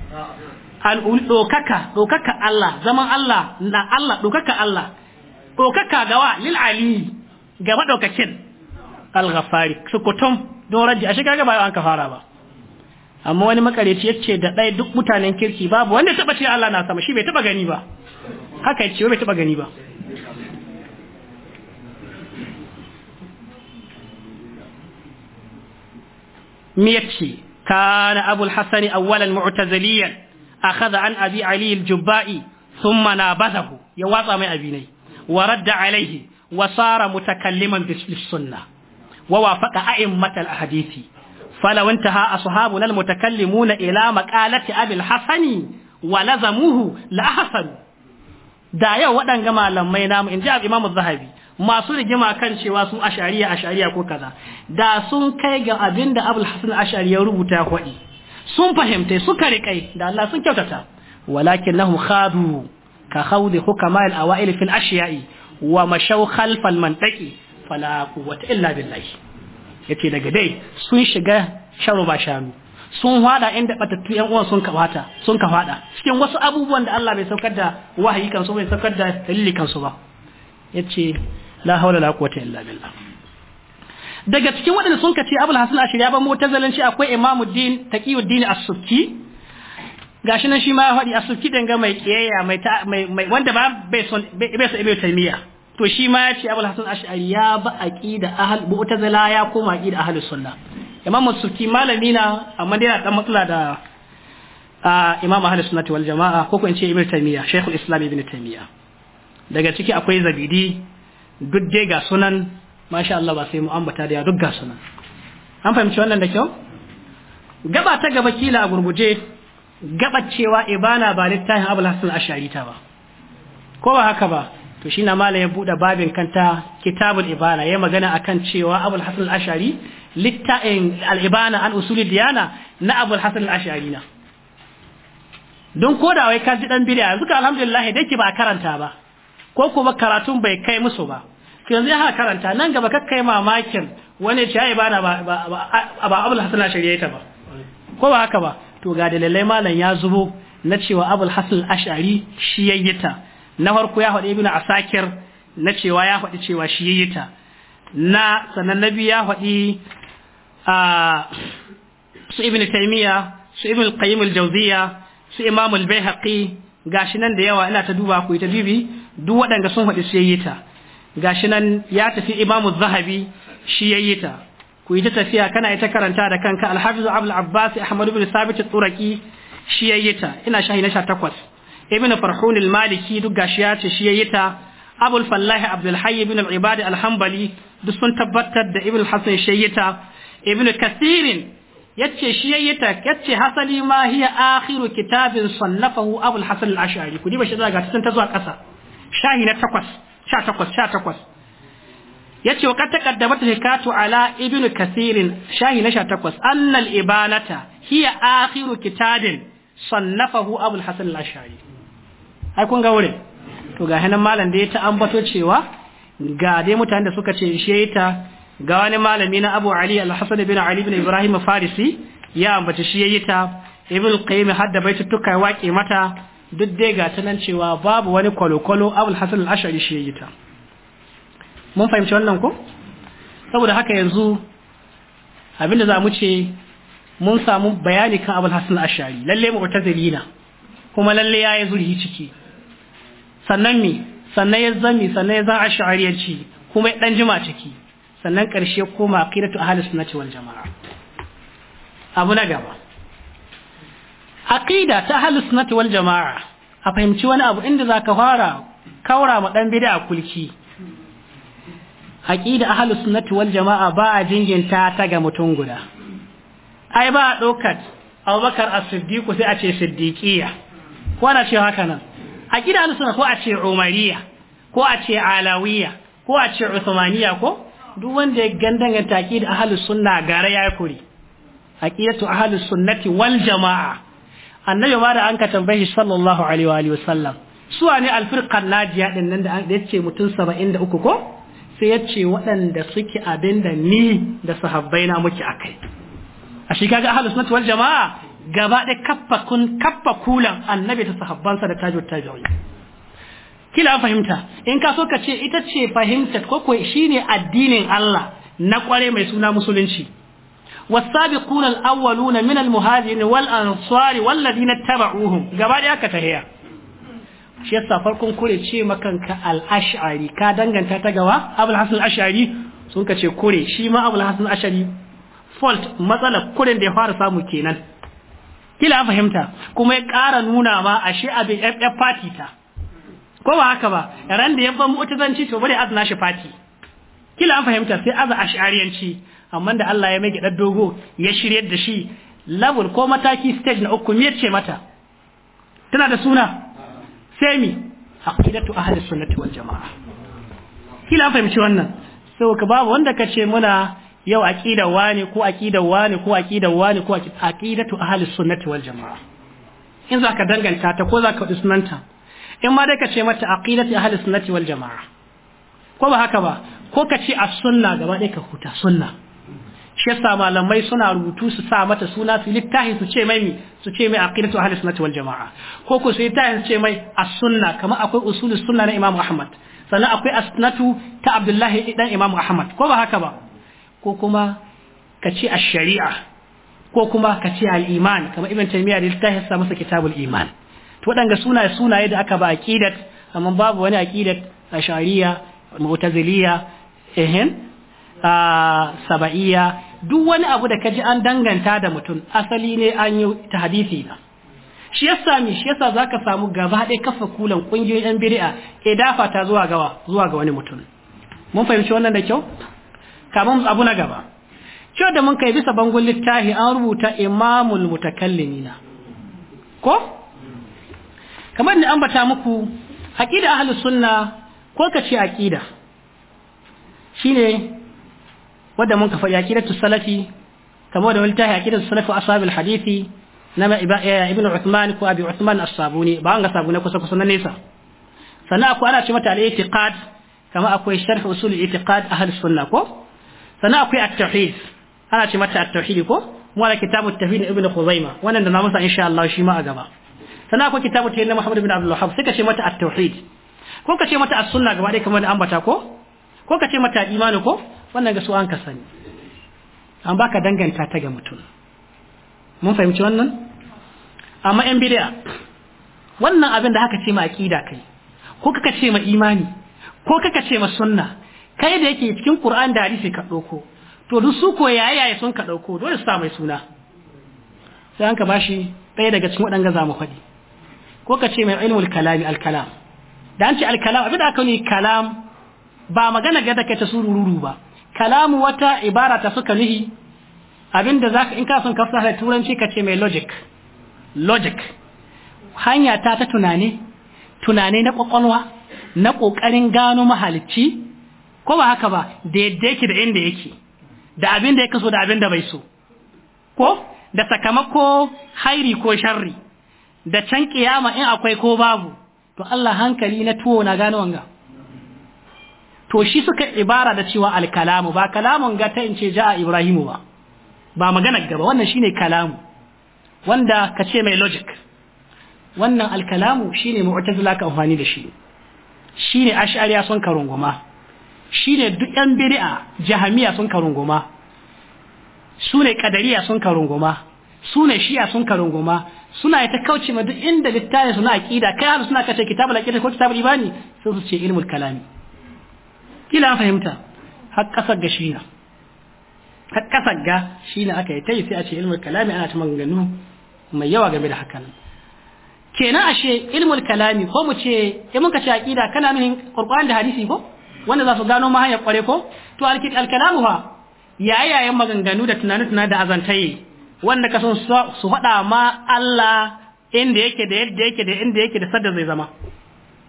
al'ulu dokaka dokaka Allah zaman Allah na Allah dokaka Allah dokaka gawa lil ali ɗaukakin madaukakin al su kutum don raji a shekara ba an ka fara ba amma wani makareci yace da ɗaya duk mutanen kirki babu wanda taba ce Allah na sama shi bai taba gani ba haka ce bai taba gani ba ميتشي كان أبو الحسن أولا معتزليا أخذ عن أبي علي الجبائي ثم نابذه يواطى من أبيني ورد عليه وصار متكلما بالسنة ووافق أئمة الأحاديث فلو انتهى أصحابنا المتكلمون إلى مقالة أبي الحسن ولزموه لأحسن da yau waɗanga malamai namu in ji al-Imam Zahabi masu rigima kan cewa su ashariya ashariya ko kaza da sun kai ga abin da abul hasan ashari ya rubuta kwaɗi sun su suka riƙai da Allah sun kyautata walakin lahum khadu ka khawdi hukama al awail fil ashiya'i wa mashaw khalfal mantaqi fala quwwata illa billahi yace daga dai sun shiga sharu ba shanu sun hada inda batattu yan uwan sun kawata sun kawada cikin wasu abubuwan da Allah bai saukar da wahayi kansu bai saukar da dalili kansu ba yace la hawla la quwwata illa billah daga cikin waɗanda sun kace abul hasan Ashari ya ban mu'tazilanci akwai imamuddin taqiyuddin as sufi gashi nan shi ma ya faɗi as sufi danga mai kiyayya mai mai wanda ba bai son bai son ibnu taymiya to shi ma ya ce abul hasan ash'ari ya ba aqida ahl zala ya koma aqida ahlus sunna imam as-sukki malami na amma dai yana dan matsala da imam ahlus sunnati wal jamaa ko ko in ce ibnu taymiya shaykhul islam ibnu taymiya daga ciki akwai zabidi duk dai ga sunan masha Allah ba sai mu ambata da duk ga sunan an fahimci wannan da kyau gaba ta gaba kila a gurguje gaba cewa ibana ba littafin abul hasan ashari ta ba ko ba haka ba to shi na mala ya buɗe babin kanta kitabul ibana ya magana akan cewa abul hasan ashari littafin al-ibana an usuli diyana na abul hasan ashari na don koda wai ka ji dan bidiya yanzu ka alhamdulillah dai ki ba karanta ba ko kuma karatun bai kai musu ba yanzu ya karanta nan gaba kai mamakin wani ce ai bana ba ba abul hasan ashari ta ba ko ba haka ba to ga dalilai malam ya zubo na cewa abul hasan ashari shi ta na farko ya faɗi ibnu asakir na cewa ya faɗi cewa shi yayyita na sanan nabi ya faɗi a su ibn taymiya su ibn qayyim al-jawziya su imam al-baihaqi gashi nan da yawa ina ta duba ku ta bibi duk waɗanda sun faɗi su yayi ta gashi nan ya tafi imamu zahabi shi ta ku yi ta tafiya kana ita karanta da kanka alhafizu abul abbas Ahmadu ibn sabit turaki shi yayi ta ina shahi na takwas. ibn farhun maliki duk gashi ya ce shi yayi ta abul fallah abdul hayy ibn al-ibad al-hanbali duk sun tabbatar da ibn hasan shi yayi ta ibn kasirin yace shi yayi ta yace hasali ma hiya akhiru kitabin sannafahu abul hasan al-ash'ari ku diba shi daga ta zuwa kasa shahi na takwas sha takwas sha takwas ya ce wa kata kaddamata hikatu ala ibn kasirin shahi na sha takwas annal ibanata hiya akhiru kitabin sannafahu abul hasan al-ashari ai kun ga wurin to ga hanan malam da ya ta ambato cewa ga dai mutanen da suka ce shi ta ga wani malami na Abu Ali al-Hasan bin Ali bin Ibrahim Farisi ya ambaci shi yayi ta Ibn Qayyim hadda baituttuka wake mata duk dai ga ta nan cewa babu wani kwalokwalo abul hasan al-ashari shi ta mun fahimci wannan ko saboda haka yanzu abinda za mu ce mun samu bayani kan abul hasan al-ashari lalle ta zalina kuma lalle ya yayi yi ciki sannan me sannan ya zami sannan ya za ash'ariyanci kuma ya dan jima ciki sannan karshe koma a ahli sunnati wal jamaa abu na gaba aqida ta ahlus sunnati wal jamaa a fahimci wani abu inda zaka fara kaura ma dan bid'a kulki aqida ahlus sunnati wal jamaa ba a jinginta ta ga mutun guda ai ba a dokar Abubakar as-Siddiq sai a ce siddiqiya ko ana ce haka nan aqida ahlus sunna ko a ce umariya ko a ce Alawiyya ko a ce Uthmaniyya ko duk wanda ya gandan ga aqida ahlus sunna gare ya kuri aqidatu ahlus sunnati wal jamaa annabi ma da an ka tambaye sallallahu alaihi wa sallam suwa ne alfirqan najiya din nan da yace mutum 73 ko sai yace waɗanda suke abinda ni da na muke akai a shi kaga ahlus sunnah wal jamaa gaba da kaffa kun kaffa kulan annabi da sahabbansa da tajo tabi'in kila an fahimta in ka so ka ce ita ce fahimta ko ko shine addinin Allah na kware mai suna musulunci والسابقون الأولون من المهاجرين والأنصار والذين اتبعوهم gaba ɗaya ka tahiya shi yasa farkon kore ce makanka al-ash'ari ka danganta ta gawa abul hasan al-ash'ari sun ka ce kore shi ma abul hasan al-ash'ari fault matsala kuren da ya fara samu kenan kila fahimta kuma ya kara nuna ma ashe abin ya fati ta ko ba haka ba ran da ya ban mu'tazanci to bari azna shi fati kila fahimta sai aza ash'ariyanci amma da Allah ya mai dogo ya shiryar da shi level ko mataki stage na uku me ce mata tana da suna Semi. mi aqidatu ahli sunnati wal jamaa kila fahimci wannan sau ka babu wanda ka ce muna yau aqidar wani ko aqidar wani ko aqidar wani ko aqidatu ahli sunnati wal jamaa in za ka danganta ta ko za ka usmanta in ma dai ka ce mata aqidatu ahli sunnati wal jamaa ko ba haka ba ko ka ce as sunna gaba ɗaya ka huta sunna shi yasa malamai suna rubutu su sa mata suna su littafi su ce mai su ce mai aqidatu ahli sunnati wal jamaa ko ko su littafi su ce mai as-sunna kamar akwai usulus sunna na Imam Ahmad sannan akwai asnatu ta Abdullahi dan Imam Ahmad ko ba haka ba ko kuma ka ce ash-shari'a ko kuma ka ce al-iman kamar Ibn Taymiyyah da littafi sa masa kitabul iman to waɗanga sunaye sunaye da aka ba aqidat amma babu wani aqidat shari'a mu'taziliya ehin saba'iya duk wani abu da kaji an danganta da mutum asali ne an yi ta hadisi na shi ya sami shi yasa zaka samu gaba ɗaya kafa kulan ƙungiyoyin yan bid'a e dafata ta zuwa gawa zuwa ga wani mutum mun fahimci wannan da kyau kamun abu na gaba kyau da mun kai bisa bangon littafi an rubuta imamul mutakallimina ko kamar ni ambata muku aqida ahlus sunna ko kace aqida shine wadda mun kafa faɗi tussalati kamar da waltahi aqidatu salafi ashabil hadisi na eh, ibnu Uthman ko abi Uthman as-sabuni ba an ga sabune kusa kusa na nesa sannan akwai ana ce mata al-i'tiqad kamar akwai sharh usul al-i'tiqad ahli sunna ko sannan akwai at-tauhid ana ce mata at-tauhid ko mu ala kitabu at-tauhid ibnu Khuzaimah wannan da na masa insha Allah shi ma a gaba sannan akwai kitabu tauhid na Muhammad ibn Abdul Wahhab suka ce mata at-tauhid ko ka ce mata as-sunna gaba dai kamar da ambata ko ko ka ce mata imani ko wannan ga an ka sani an ka danganta ta ga mutum mun fahimci wannan amma yan bid'a wannan abin da haka ce ma aqida kai ko kaka ce ma imani ko kaka ce ma sunna kai da yake cikin Qur'an da hadisi ka dauko to duk su ko yaya sun ka dauko dole su sa mai suna sai an ka bashi ɗaya daga cikin waɗanga mu faɗi ko ka ce mai ilmul kalami al da an ce al-kalam abin da aka ne kalam ba magana ga da kai ta sururu ba kalamu wata ibara ta suka nihi abinda zaka in ka son ka turanci ka ce mai logic logic hanya ta ta tunani tunani na kwakwalwa na kokarin gano mahalicci ko ba haka ba da yadda yake da inda yake da abin da yake so da abin da bai so ko da sakamako hairi ko sharri da can kiyama in akwai ko babu to Allah hankali na tuwo na gano wanga to shi suka ibara da cewa alkalamu ba kalamun ga ta in ce ja'a ibrahimu ba ba maganar gaba wannan shine kalamu wanda ka ce mai logic wannan alkalamu shine mu'tazila ka amfani da shi shine ash'ariya sun karunguma shine duk yan bid'a jahamiya sun karunguma su ne kadariya sun karunguma su ne shi'a sun karunguma suna ta kauce ma duk inda littafin suna aqida kai har suna kace kitabul aqida ko kitabul ibani sun su ce ilmul kalami kila an fahimta har kasar ga shina har kasar ga na aka yi ta yi sai a ce ilmul kalami ana ta maganganu mai yawa game da hakan kenan ashe ilmul kalami ko mu ce in muka ce aqida kana nuhin qur'ani da hadisi ko wanda za su gano ma hanyar kware ko to alkalamu ha yayayen maganganu da tunani-tunani da azantai wanda ka su faɗa ma Allah inda yake da yadda yake da inda yake da sadda zai zama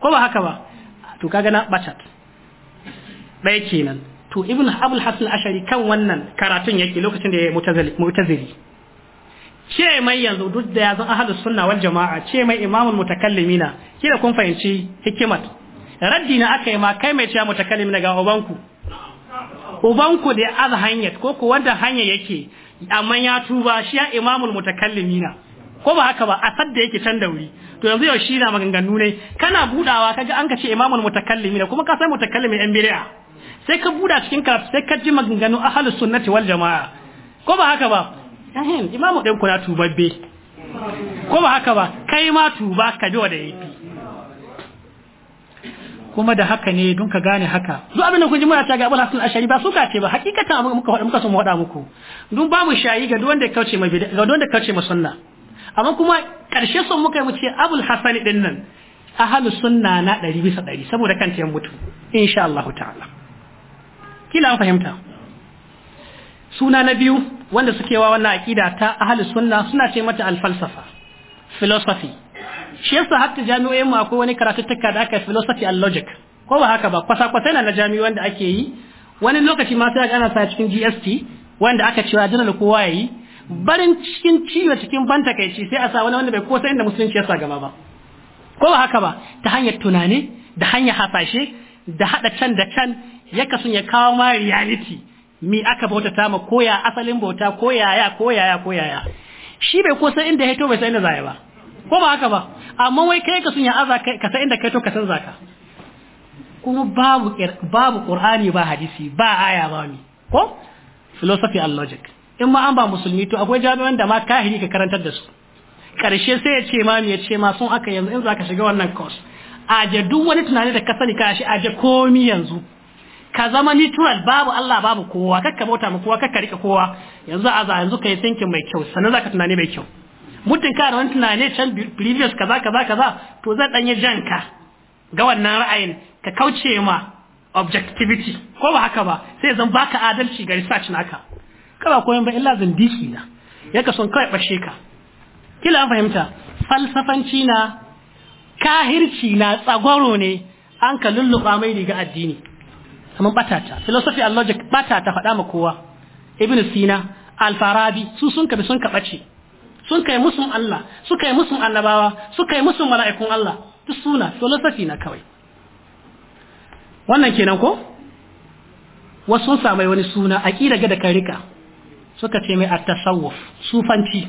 ko ba haka ba to kaga na batat ɗaya kenan to ibn abul hasan ashari kan wannan karatun yake lokacin da ya mutazili ce mai yanzu duk da ya zan a sunna wal jama'a ce mai imamul mutakallimina da kun fahimci hikimat raddi na aka yi ma kai mai cewa mutakallimina daga ubanku ubanku da ya aza hanyar ko ku wanda hanya yake amma ya tuba shi ya imamul mutakallimina ko ba haka ba a sadda yake can da wuri to yanzu yau shi na maganganu ne kana budawa kaga an ka ce imamul mutakallimina kuma ka san mutakallimin yan bid'a sai ka buda cikin karatu sai ka ji maganganu ahlus sunnati wal jamaa ko ba haka ba ehem imamu ɗin kuna tubabbe ko ba haka ba kai ma tuba ka bi wa da yafi kuma da haka ne don ka gane haka duk abin da kun ji muna ta ga Abul Hasan Ashari ba suka ce ba hakikata abin muka faɗa muka so mu faɗa muku ba mu shayi ga duk wanda ya kauce mai ga duk wanda kauce mai sunna amma kuma karshe son muka yi mu ce Abul Hasan din nan ahlus sunna na 100 bisa 100 saboda kan ta mutu insha Allah ta'ala kila an fahimta suna na biyu wanda suke wa wannan aqida ta ahli sunna suna ce mata al-falsafa philosophy shi yasa hatta jami'o'in mu akwai wani karatuttuka da aka philosophy and logic ko ba haka ba kwasa-kwasai na jami'o'in wanda ake yi wani lokaci ma sai ana sa cikin GST wanda aka cewa jiran kowa yi barin cikin ciwo cikin ban takaici sai a sa wani wanda bai kosa inda musulunci ya sa gaba ba ko ba haka ba ta hanyar tunani da hanyar hasashe da hada can da can yaka sun ya kawo ma reality mi aka bautata ma koya asalin bauta koyaya koyaya koyaya shi bai ko san inda ya to bai san inda zai ba ko ba haka ba amma wai kai ka sun ya aza ka san inda kai to ka san zaka kuma babu babu qur'ani ba hadisi ba aya ba mi ko philosophy and logic in ma an ba musulmi to akwai jami'an da ma kahiri ka karantar da su karshe sai ya ce ma ya ce ma sun aka yanzu in zaka shiga wannan course aje duk wani tunani da ka sani ka shi aje komi yanzu ka zama neutral babu Allah babu kowa kakka bauta ma kowa kakka rika kowa yanzu a za yanzu kai thinking mai kyau sannan zaka tunani mai kyau mutum ka da wani tunani can previous kaza kaza kaza to zan dan yi janka ga wannan ra'ayin ka kauce ma objectivity ko ba haka ba sai zan baka adalci ga research naka kaba koyon ba illa zindiki na ya ka son kawai bashe ka kila an fahimta falsafanci na kahirci na tsagoro ne an ka lulluba mai riga addini kamar batata philosophy and logic batata faɗa ma kowa ibn sina al-farabi su sun kabi sun kabace sun kai musun Allah su kai musun annabawa su kai musun mala'ikun Allah duk suna philosophy na kawai wannan kenan ko wasu sun samu wani suna aqida ga da karika suka ce mai at-tasawuf sufanci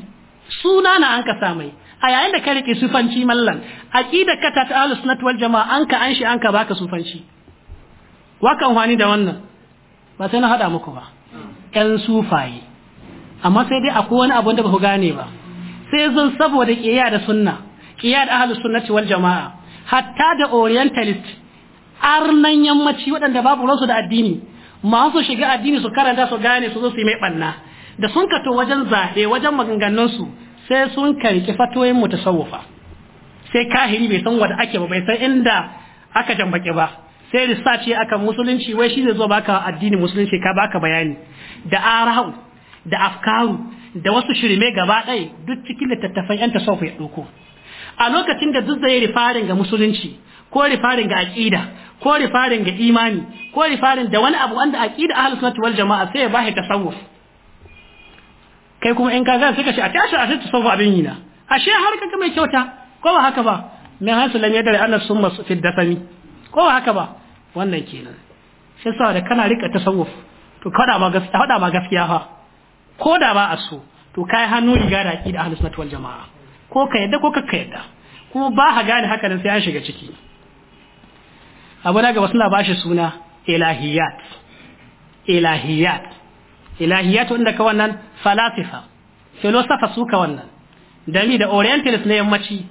suna na an ka samai a yayin da ka rike sufanci mallan aqida ka ta ahlus sunnah wal jamaa an ka an shi an ka baka sufanci waka amfani da wannan ba sai na haɗa muku ba ƴan sufaye amma sai dai akwai wani abu da ba ku gane ba sai zan saboda ƙiyaya da sunna ƙiya da ahlus sunnati wal jama'a hatta da orientalist arnan yammaci waɗanda babu rasu da addini ma su shiga addini su karanta su gane su zo su yi mai ɓanna da sun kato wajen zaɓe wajen maganganunsu sai sun karki fatoyin mu sai kahiri bai san wanda ake ba bai san inda aka jambake ba sai research ya akan musulunci wai shi zai zo baka addini musulunci ka baka bayani da arahu, da afkaru da wasu shirme gaba dai duk cikin littattafan yan tasawuf ya ɗauko a lokacin da duk zai rifarin ga musulunci ko rifarin ga aqida ko rifarin ga imani ko rifarin da wani abu wanda aqida ahlus sunnah wal jamaa sai ya bashi tasawuf kai kuma in ka ga suka ce a tashi a tasawuf abin yina ashe har ka kaga mai kyauta ko ba haka ba mai hasulan lam yadri annas summa fi dafami ko ba haka ba wannan kenan shi sa da kana rika tasawuf to kada ma gaskiya hada ma gaskiya fa ko da ba a so to kai hannu riga da aqida ahlus sunnah wal jamaa ko ka yadda ko ka yadda kuma ba ha gane haka nan sai an shiga ciki abu na gaba suna ba shi suna ilahiyat ilahiyat ilahiyat wanda ka wannan falasifa filosofa su ka wannan dali da orientalist na yammaci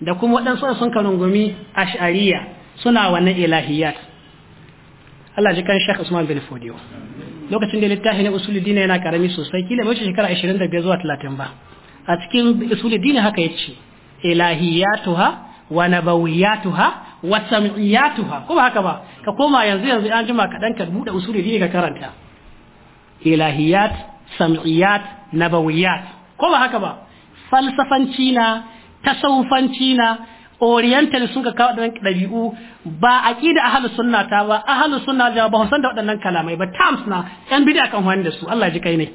da kuma waɗansu sun ka rungumi ash'ariya suna wannan ilahiyat Allah ji kan Sheikh Usman bin Fodiyo lokacin da littafi na usuli dina yana karami sosai kila bai shekara 25 zuwa 30 ba a cikin usuli dina haka yace ilahiyatuha wa nabawiyatuha wa sam'iyatuha ko ba haka ba ka koma yanzu yanzu an jima kadan ka bude usuli dina ka karanta ilahiyat sam'iyat nabawiyat ko ba haka ba falsafanci na tasawufanci na oriental sun ka kawo ɗan ɗabi'u ba a da ahlu sunna ta ba ahlu sunna da ba san da waɗannan kalamai ba terms na ƴan bid'a kan hannun da su Allah ji kai ne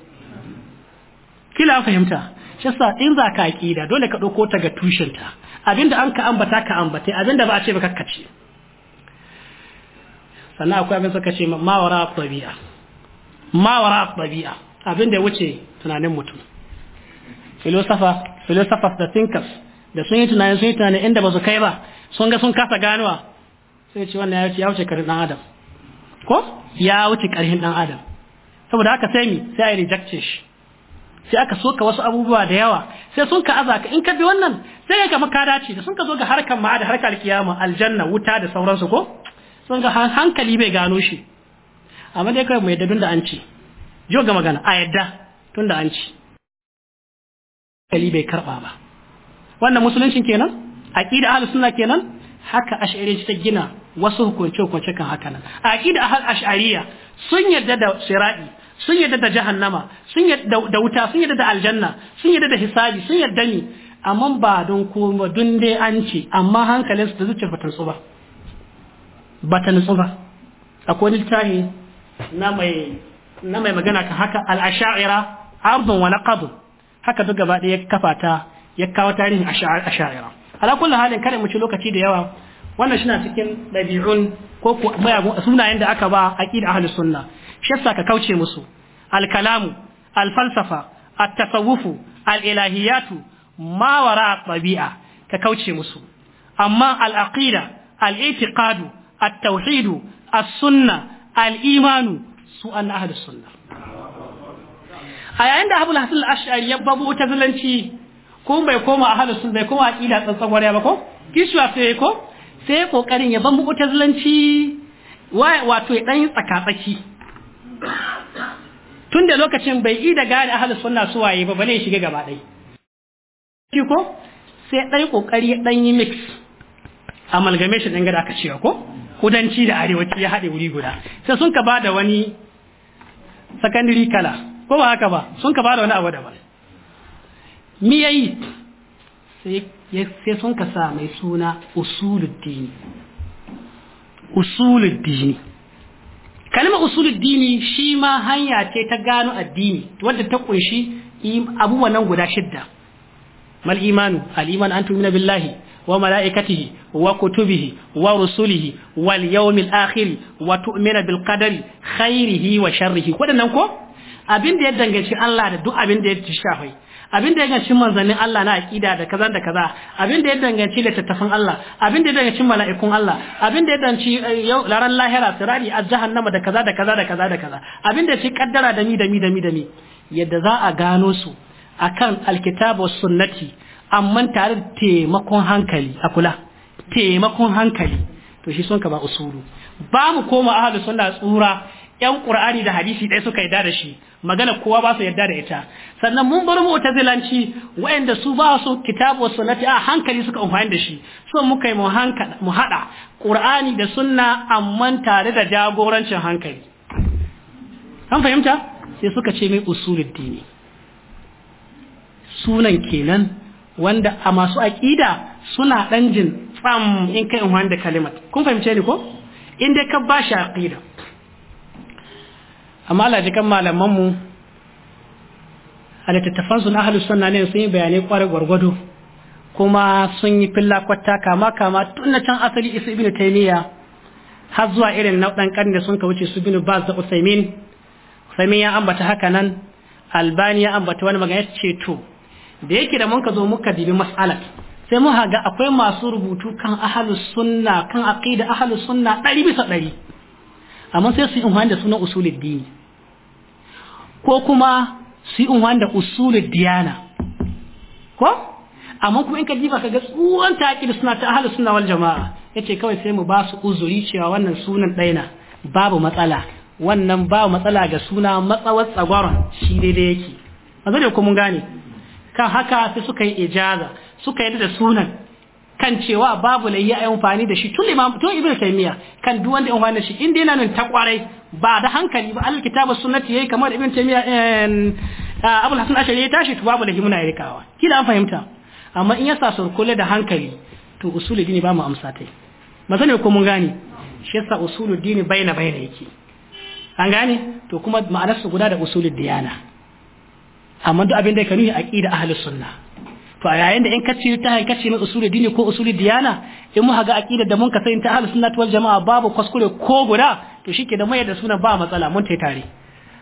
kila fahimta shi yasa in za ka da dole ka ɗauko ta ga tushen ta abinda an ka ambata ka ambate abinda ba a ce ba kakkace sannan akwai abin suka ce mawara tabi'a mawara tabi'a abinda ya wuce tunanin mutum philosophers philosophers da thinkers da sun yi tunanin sun yi tunanin inda ba su kai ba sun ga sun kasa ganuwa sai ce wannan ya wuce ya wuce karhin dan adam ko ya wuce karhin dan adam saboda haka sai mi sai a reject shi sai aka soka wasu abubuwa da yawa sai sun ka azaka in ka bi wannan sai ka maka dace da sun ka zo ga harkar ma da harkar kiyama aljanna wuta da sauransu ko sun ga hankali bai gano shi amma dai kai mu yadda tun da an ci jo ga magana a yadda tun da an ci hankali bai karba ba wannan musulunci kenan aqida ahlus sunna kenan haka ash'ariyya ta gina wasu hukunce hukunce kan haka nan aqida ahl ash'ariya sun yarda da sirai sun yarda da jahannama sun yarda da wuta sun yarda da aljanna sun yarda da hisabi sun yarda ni amma ba don kuma dun dai an ce amma su da ba ta nutsu ba ta nutsu ba akwai littafi na mai na mai magana kan haka al-ash'ira ardun wa naqadun haka duk gaba ɗaya kafa ta ya kawo tarihin asha'ira ala kullu halin kada mu ci lokaci da yawa wannan shi na cikin ɗabi'un ko mayagun sunayen da aka ba aqida ahlus sunna shassa ka kauce musu alkalamu alfalsafa at-tasawufu al-ilahiyatu ma wara ka kauce musu amma al-aqida al itikadu atauhidu, tauhidu as-sunna al-imanu su an ahlus sunna a yayin da abul hasan al-ash'ari ya babu tazalanci ko bai koma ahalu sun bai koma tsantsan tsantsagwariya ba ko kishuwa sai ko sai kokarin ya ban zulanci wato ya dan tsakatsaki tun da lokacin bai yi da gane ahalus sunna su waye ba bane shiga gaba ɗai shi ko sai ɗan ƙoƙari ɗan yi mix amalgamation ɗin gada aka cewa ko kudanci da arewaci ya haɗe wuri guda sai sun ka ba da wani secondary kala ko ba haka ba sun ka ba da wani abu daban mi yayi sai sai sun ka sa mai suna usuluddini usuluddini kalimar usuluddini shi ma hanya ce ta gano addini wadda ta kunshi abubuwan nan guda shidda mal imanu al iman an tu'mina billahi wa mala'ikatihi wa kutubihi wa rusulihi wal yawmil akhir wa tu'mina bil qadari khairihi wa sharrihi wadannan ko abin da ya danganci Allah da duk abin da ya shafai abin da ya ganci manzannin Allah na aƙida da kaza da kaza abin da ya danganci littattafan Allah abin da ya danganci mala'ikun Allah abin da ya eh, yau, laran lahira sirari jahannama da kaza da kaza da kaza da kaza abin da ya ci kaddara da mi da mi da mi da mi yadda za a gano su akan alkitab was sunnati amma tare da taimakon hankali a kula taimakon hankali to shi sun ka ba usulu ba mu koma ahlus sunna tsura yan ƙur'ani da hadisi ɗaya suka yarda da shi magana kowa ba su yarda da ita sannan mun bar mu'tazilanci wa'anda su ba su kitabu wa sunnati a hankali suka amfani da shi so muka yi mu hankala mu hada qur'ani da sunna amma tare da jagorancin hankali an fahimta sai suka ce mai usulul dini sunan kenan wanda a masu aqida suna ɗan jin tsam in kai amfani da kalimat kun fahimce ni ko in dai ka ba shi aqida amma Allah malaman malamanmu a littattafansu na ahalus sunna ne sun yi bayanai kwarai gwargwado kuma sun yi filla kwata kama kama tun na can asali isa ibnu taimiyya, har zuwa irin na dan da sun ka wuce su ibnu baz da samin, usaimin ya ambata haka nan albani ya ambata wani magana ce da yake da mun ka zo muka dibi mas'alat sai mun haga akwai masu rubutu kan ahalus sunna kan aqida ahalus sunna ɗari bisa ɗari amma sai su yi umarni da sunan usulul dini ko kuma su yi da usulul diyana ko amma kuma in ka diba ka ga tsuwon taƙi da suna ta ahalus suna wal jama'a ce kawai sai mu ba su uzuri cewa wannan sunan ɗaya babu matsala wannan babu matsala ga suna matsawar tsagwaron shi daidai yake a zai kuma gane kan haka sai suka yi ijaza suka yi da sunan kan cewa babu layi a amfani da shi tun imam tun ibnu taymiya kan duk wanda amfani da shi inda yana nan ta kwarai ba da hankali ba al kitabu sunnati yayi kamar ibnu taymiya abul hasan ashari ya tashi to babu lahi muna yarkawa kila an fahimta amma in ya sa surkule da hankali to usulul dini ba mu amsa tai ba sani ko mun gane shi yasa usulul dini baina baina yake an gane to kuma su guda da usulul diyana amma duk abin da ka nuhi aqida ahlus sunnah fa yayin da in kace ta ka kace mai usuli dini ko usuli diyana in mu haga aqida da mun ka sai ta ahlus sunnati wal jamaa babu kuskure ko guda to shike da mayar da suna ba matsala mun tai tare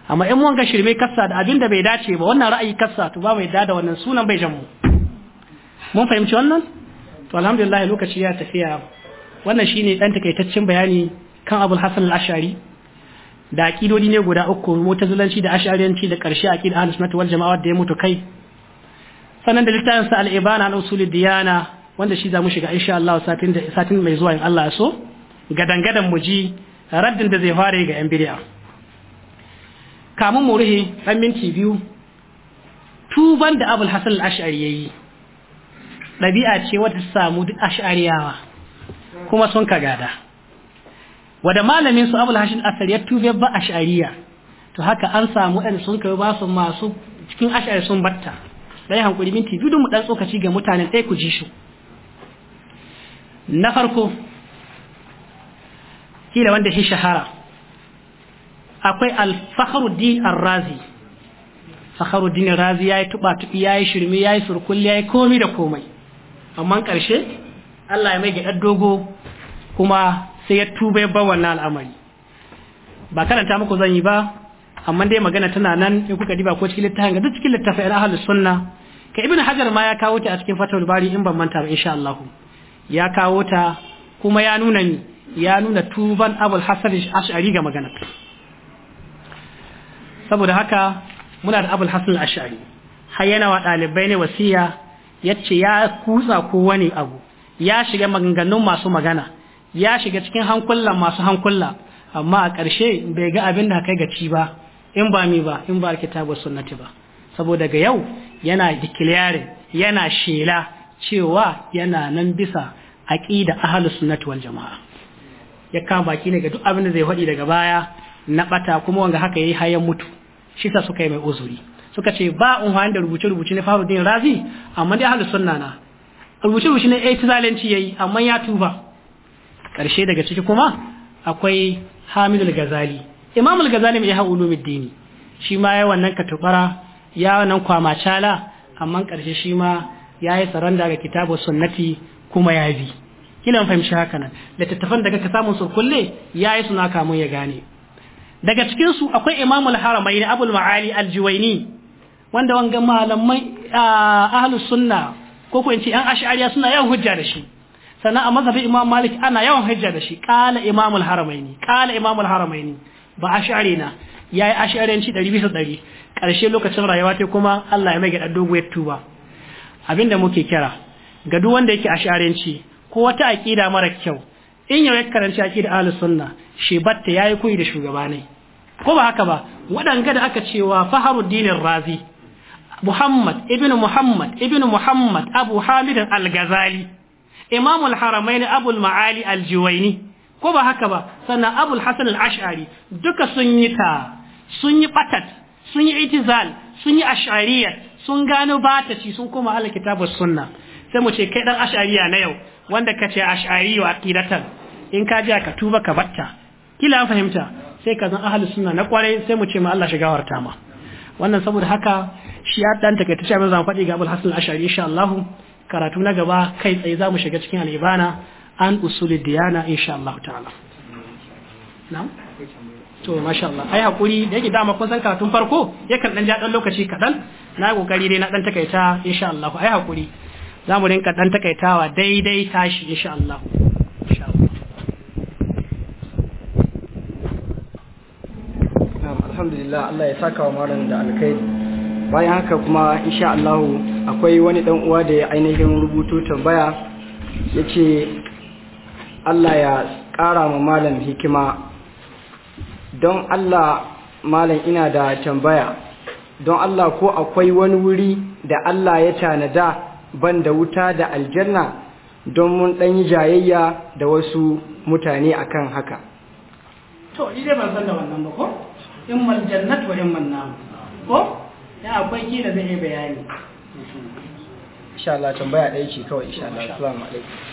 amma in mun ga shirme kassa da abin da bai dace ba wannan ra'ayi kassa to ba mai da da wannan sunan bai jamu mun fahimci wannan to alhamdulillah lokaci ya tafiya wannan shine dan takaitaccen bayani kan abul hasan al-ashari da aqidodi ne guda uku mutazilanci da ash'ariyanci da karshe aqida ahlus sunnati wal jamaa da ya mutu kai sannan da littafin sa al-ibana an diyana wanda shi za mu shiga insha Allah satin da mai zuwa in Allah so gadan gadan mu ji raddin da zai fara ga yan bid'a kamun mu ruhi dan minti biyu tuban da Abul Hasan al-Ash'ari yayi dabi'a ce wata samu duk ash'ariyawa kuma sun ka gada. wada malamin su Abul Hasan al-Ash'ari ya tuba ba ash'ariya to haka an samu ɗan sun kai ba su masu cikin ash'ari sun batta dai hankuri minti biyu mu dan tsokaci ga mutanen sai ku ji shi na farko kila wanda shi shahara akwai al-fakhruddin ar-razi fakhruddin ar-razi yayi tuba tubi yayi shirmi yayi surkulli yayi komai da komai amma karshe Allah ya mai gyaɗar dogo kuma sai ya tuba ya bar wannan al'amari ba karanta muku zan yi ba amma dai magana tana nan in kuka diba ko cikin littafin ga duk cikin littafin ahlus sunna ka ibn hajar ma ya kawo ta a cikin fatawul bari in ban manta ba insha Allah ya kawo ta kuma ya nuna ni ya nuna tuban abul hasan ash'ari ga magana saboda haka muna da abul hasan ash'ari har yana wa dalibai ne wasiya yace ya kutsa ko wani abu ya shiga maganganun masu magana ya shiga cikin hankulan masu hankula amma a ƙarshe bai ga abin da kai gaci ba in ba mi ba in ba kitabu sunnati ba saboda ga yau yana declaring yana shela cewa yana nan bisa aqida ahlus sunnati wal jamaa ya kama baki ne ga duk abin da zai faɗi daga baya na bata kuma wanga haka yayi hayan mutu shi sa suka yi mai uzuri suka ce ba unhani da rubuce rubuce na Fakhruddin Razi amma dai ahlus sunna na rubuce rubuce ne ai ya yayi amma ya tuba karshe daga ciki kuma akwai Hamidul Ghazali imam al-ghazali mai yahu ulumuddin shi ma ya wannan katubara ya wannan kwamacala amma karshe shi ma ya yi saranda ga kitabu sunnati kuma ya bi kina fahimci haka nan littattafan da ka samu su kulle ya yi suna kamun ya gane daga cikin su akwai imam al-haramain abul ma'ali al-juwaini wanda wanga malamai ahlus sunna ko ko in ce an ash'ariya suna yawan hujja da shi sannan a mazhabin imam malik ana yawan hujja da shi qala imam al haramaini qala imam al ba a share na ya yi asharenci ɗari bisa ɗari ƙarshe lokacin rayuwa ta kuma Allah ya mai gaɗa doguwar tuba abinda muke kira ga duk wanda yake ci ko wata aƙida mara kyau in yau ya karanci aƙida ahlus sunna shi batta yi koyi da shugabanai ko ba haka ba waɗanga da aka cewa Faharuddin Razi Muhammad ibn Muhammad ibn Muhammad Abu Hamid al-Ghazali Imam al-Haramain Abu al-Maali al-Juwayni ko ba haka ba sannan abul hasan al-ash'ari duka sun yi ta sun yi batat sun yi itizal sun yi ash'ariyya sun gano bataci sun koma ala kitabus sunna sai mu ce kai dan Ash'ariya na yau wanda kace ash'ari wa aqidatan in ka ji ka tuba ka batta kila fahimta sai ka zan ahlus sunna na kwarai sai mu ce ma Allah shigawarta ma wannan saboda haka shi ya dan take ta ce mun zan faɗi ga Abul Hasan al-Ash'ari insha Allah karatu na gaba kai tsaye zamu shiga cikin al-Ibana an usuli diyana insha Allah ta'ala na'am to masha Allah ai hakuri da yake dama kun san karatun farko yakan dan ja dan lokaci kadan na kokari dai na dan takaita insha Allah ai hakuri za mu rinka dan takaitawa daidai tashi insha insha Allah alhamdulillah Allah ya saka wa malam da alkhairi bayan haka kuma insha Allah akwai wani dan uwa da ya ainihin rubuto tambaya yace Allah ya ƙara ma malam hikima don Allah malam ina da tambaya don Allah ko akwai wani wuri da Allah ya tanada ban da wuta da aljanna don mun ɗan yi jayayya da wasu mutane akan haka to yi zai ban da wannan ba ko in mal jannat wa in man ko ya akwai kila zai yi bayani insha Allah tambaya ɗaya ce kawai insha Allah alaikum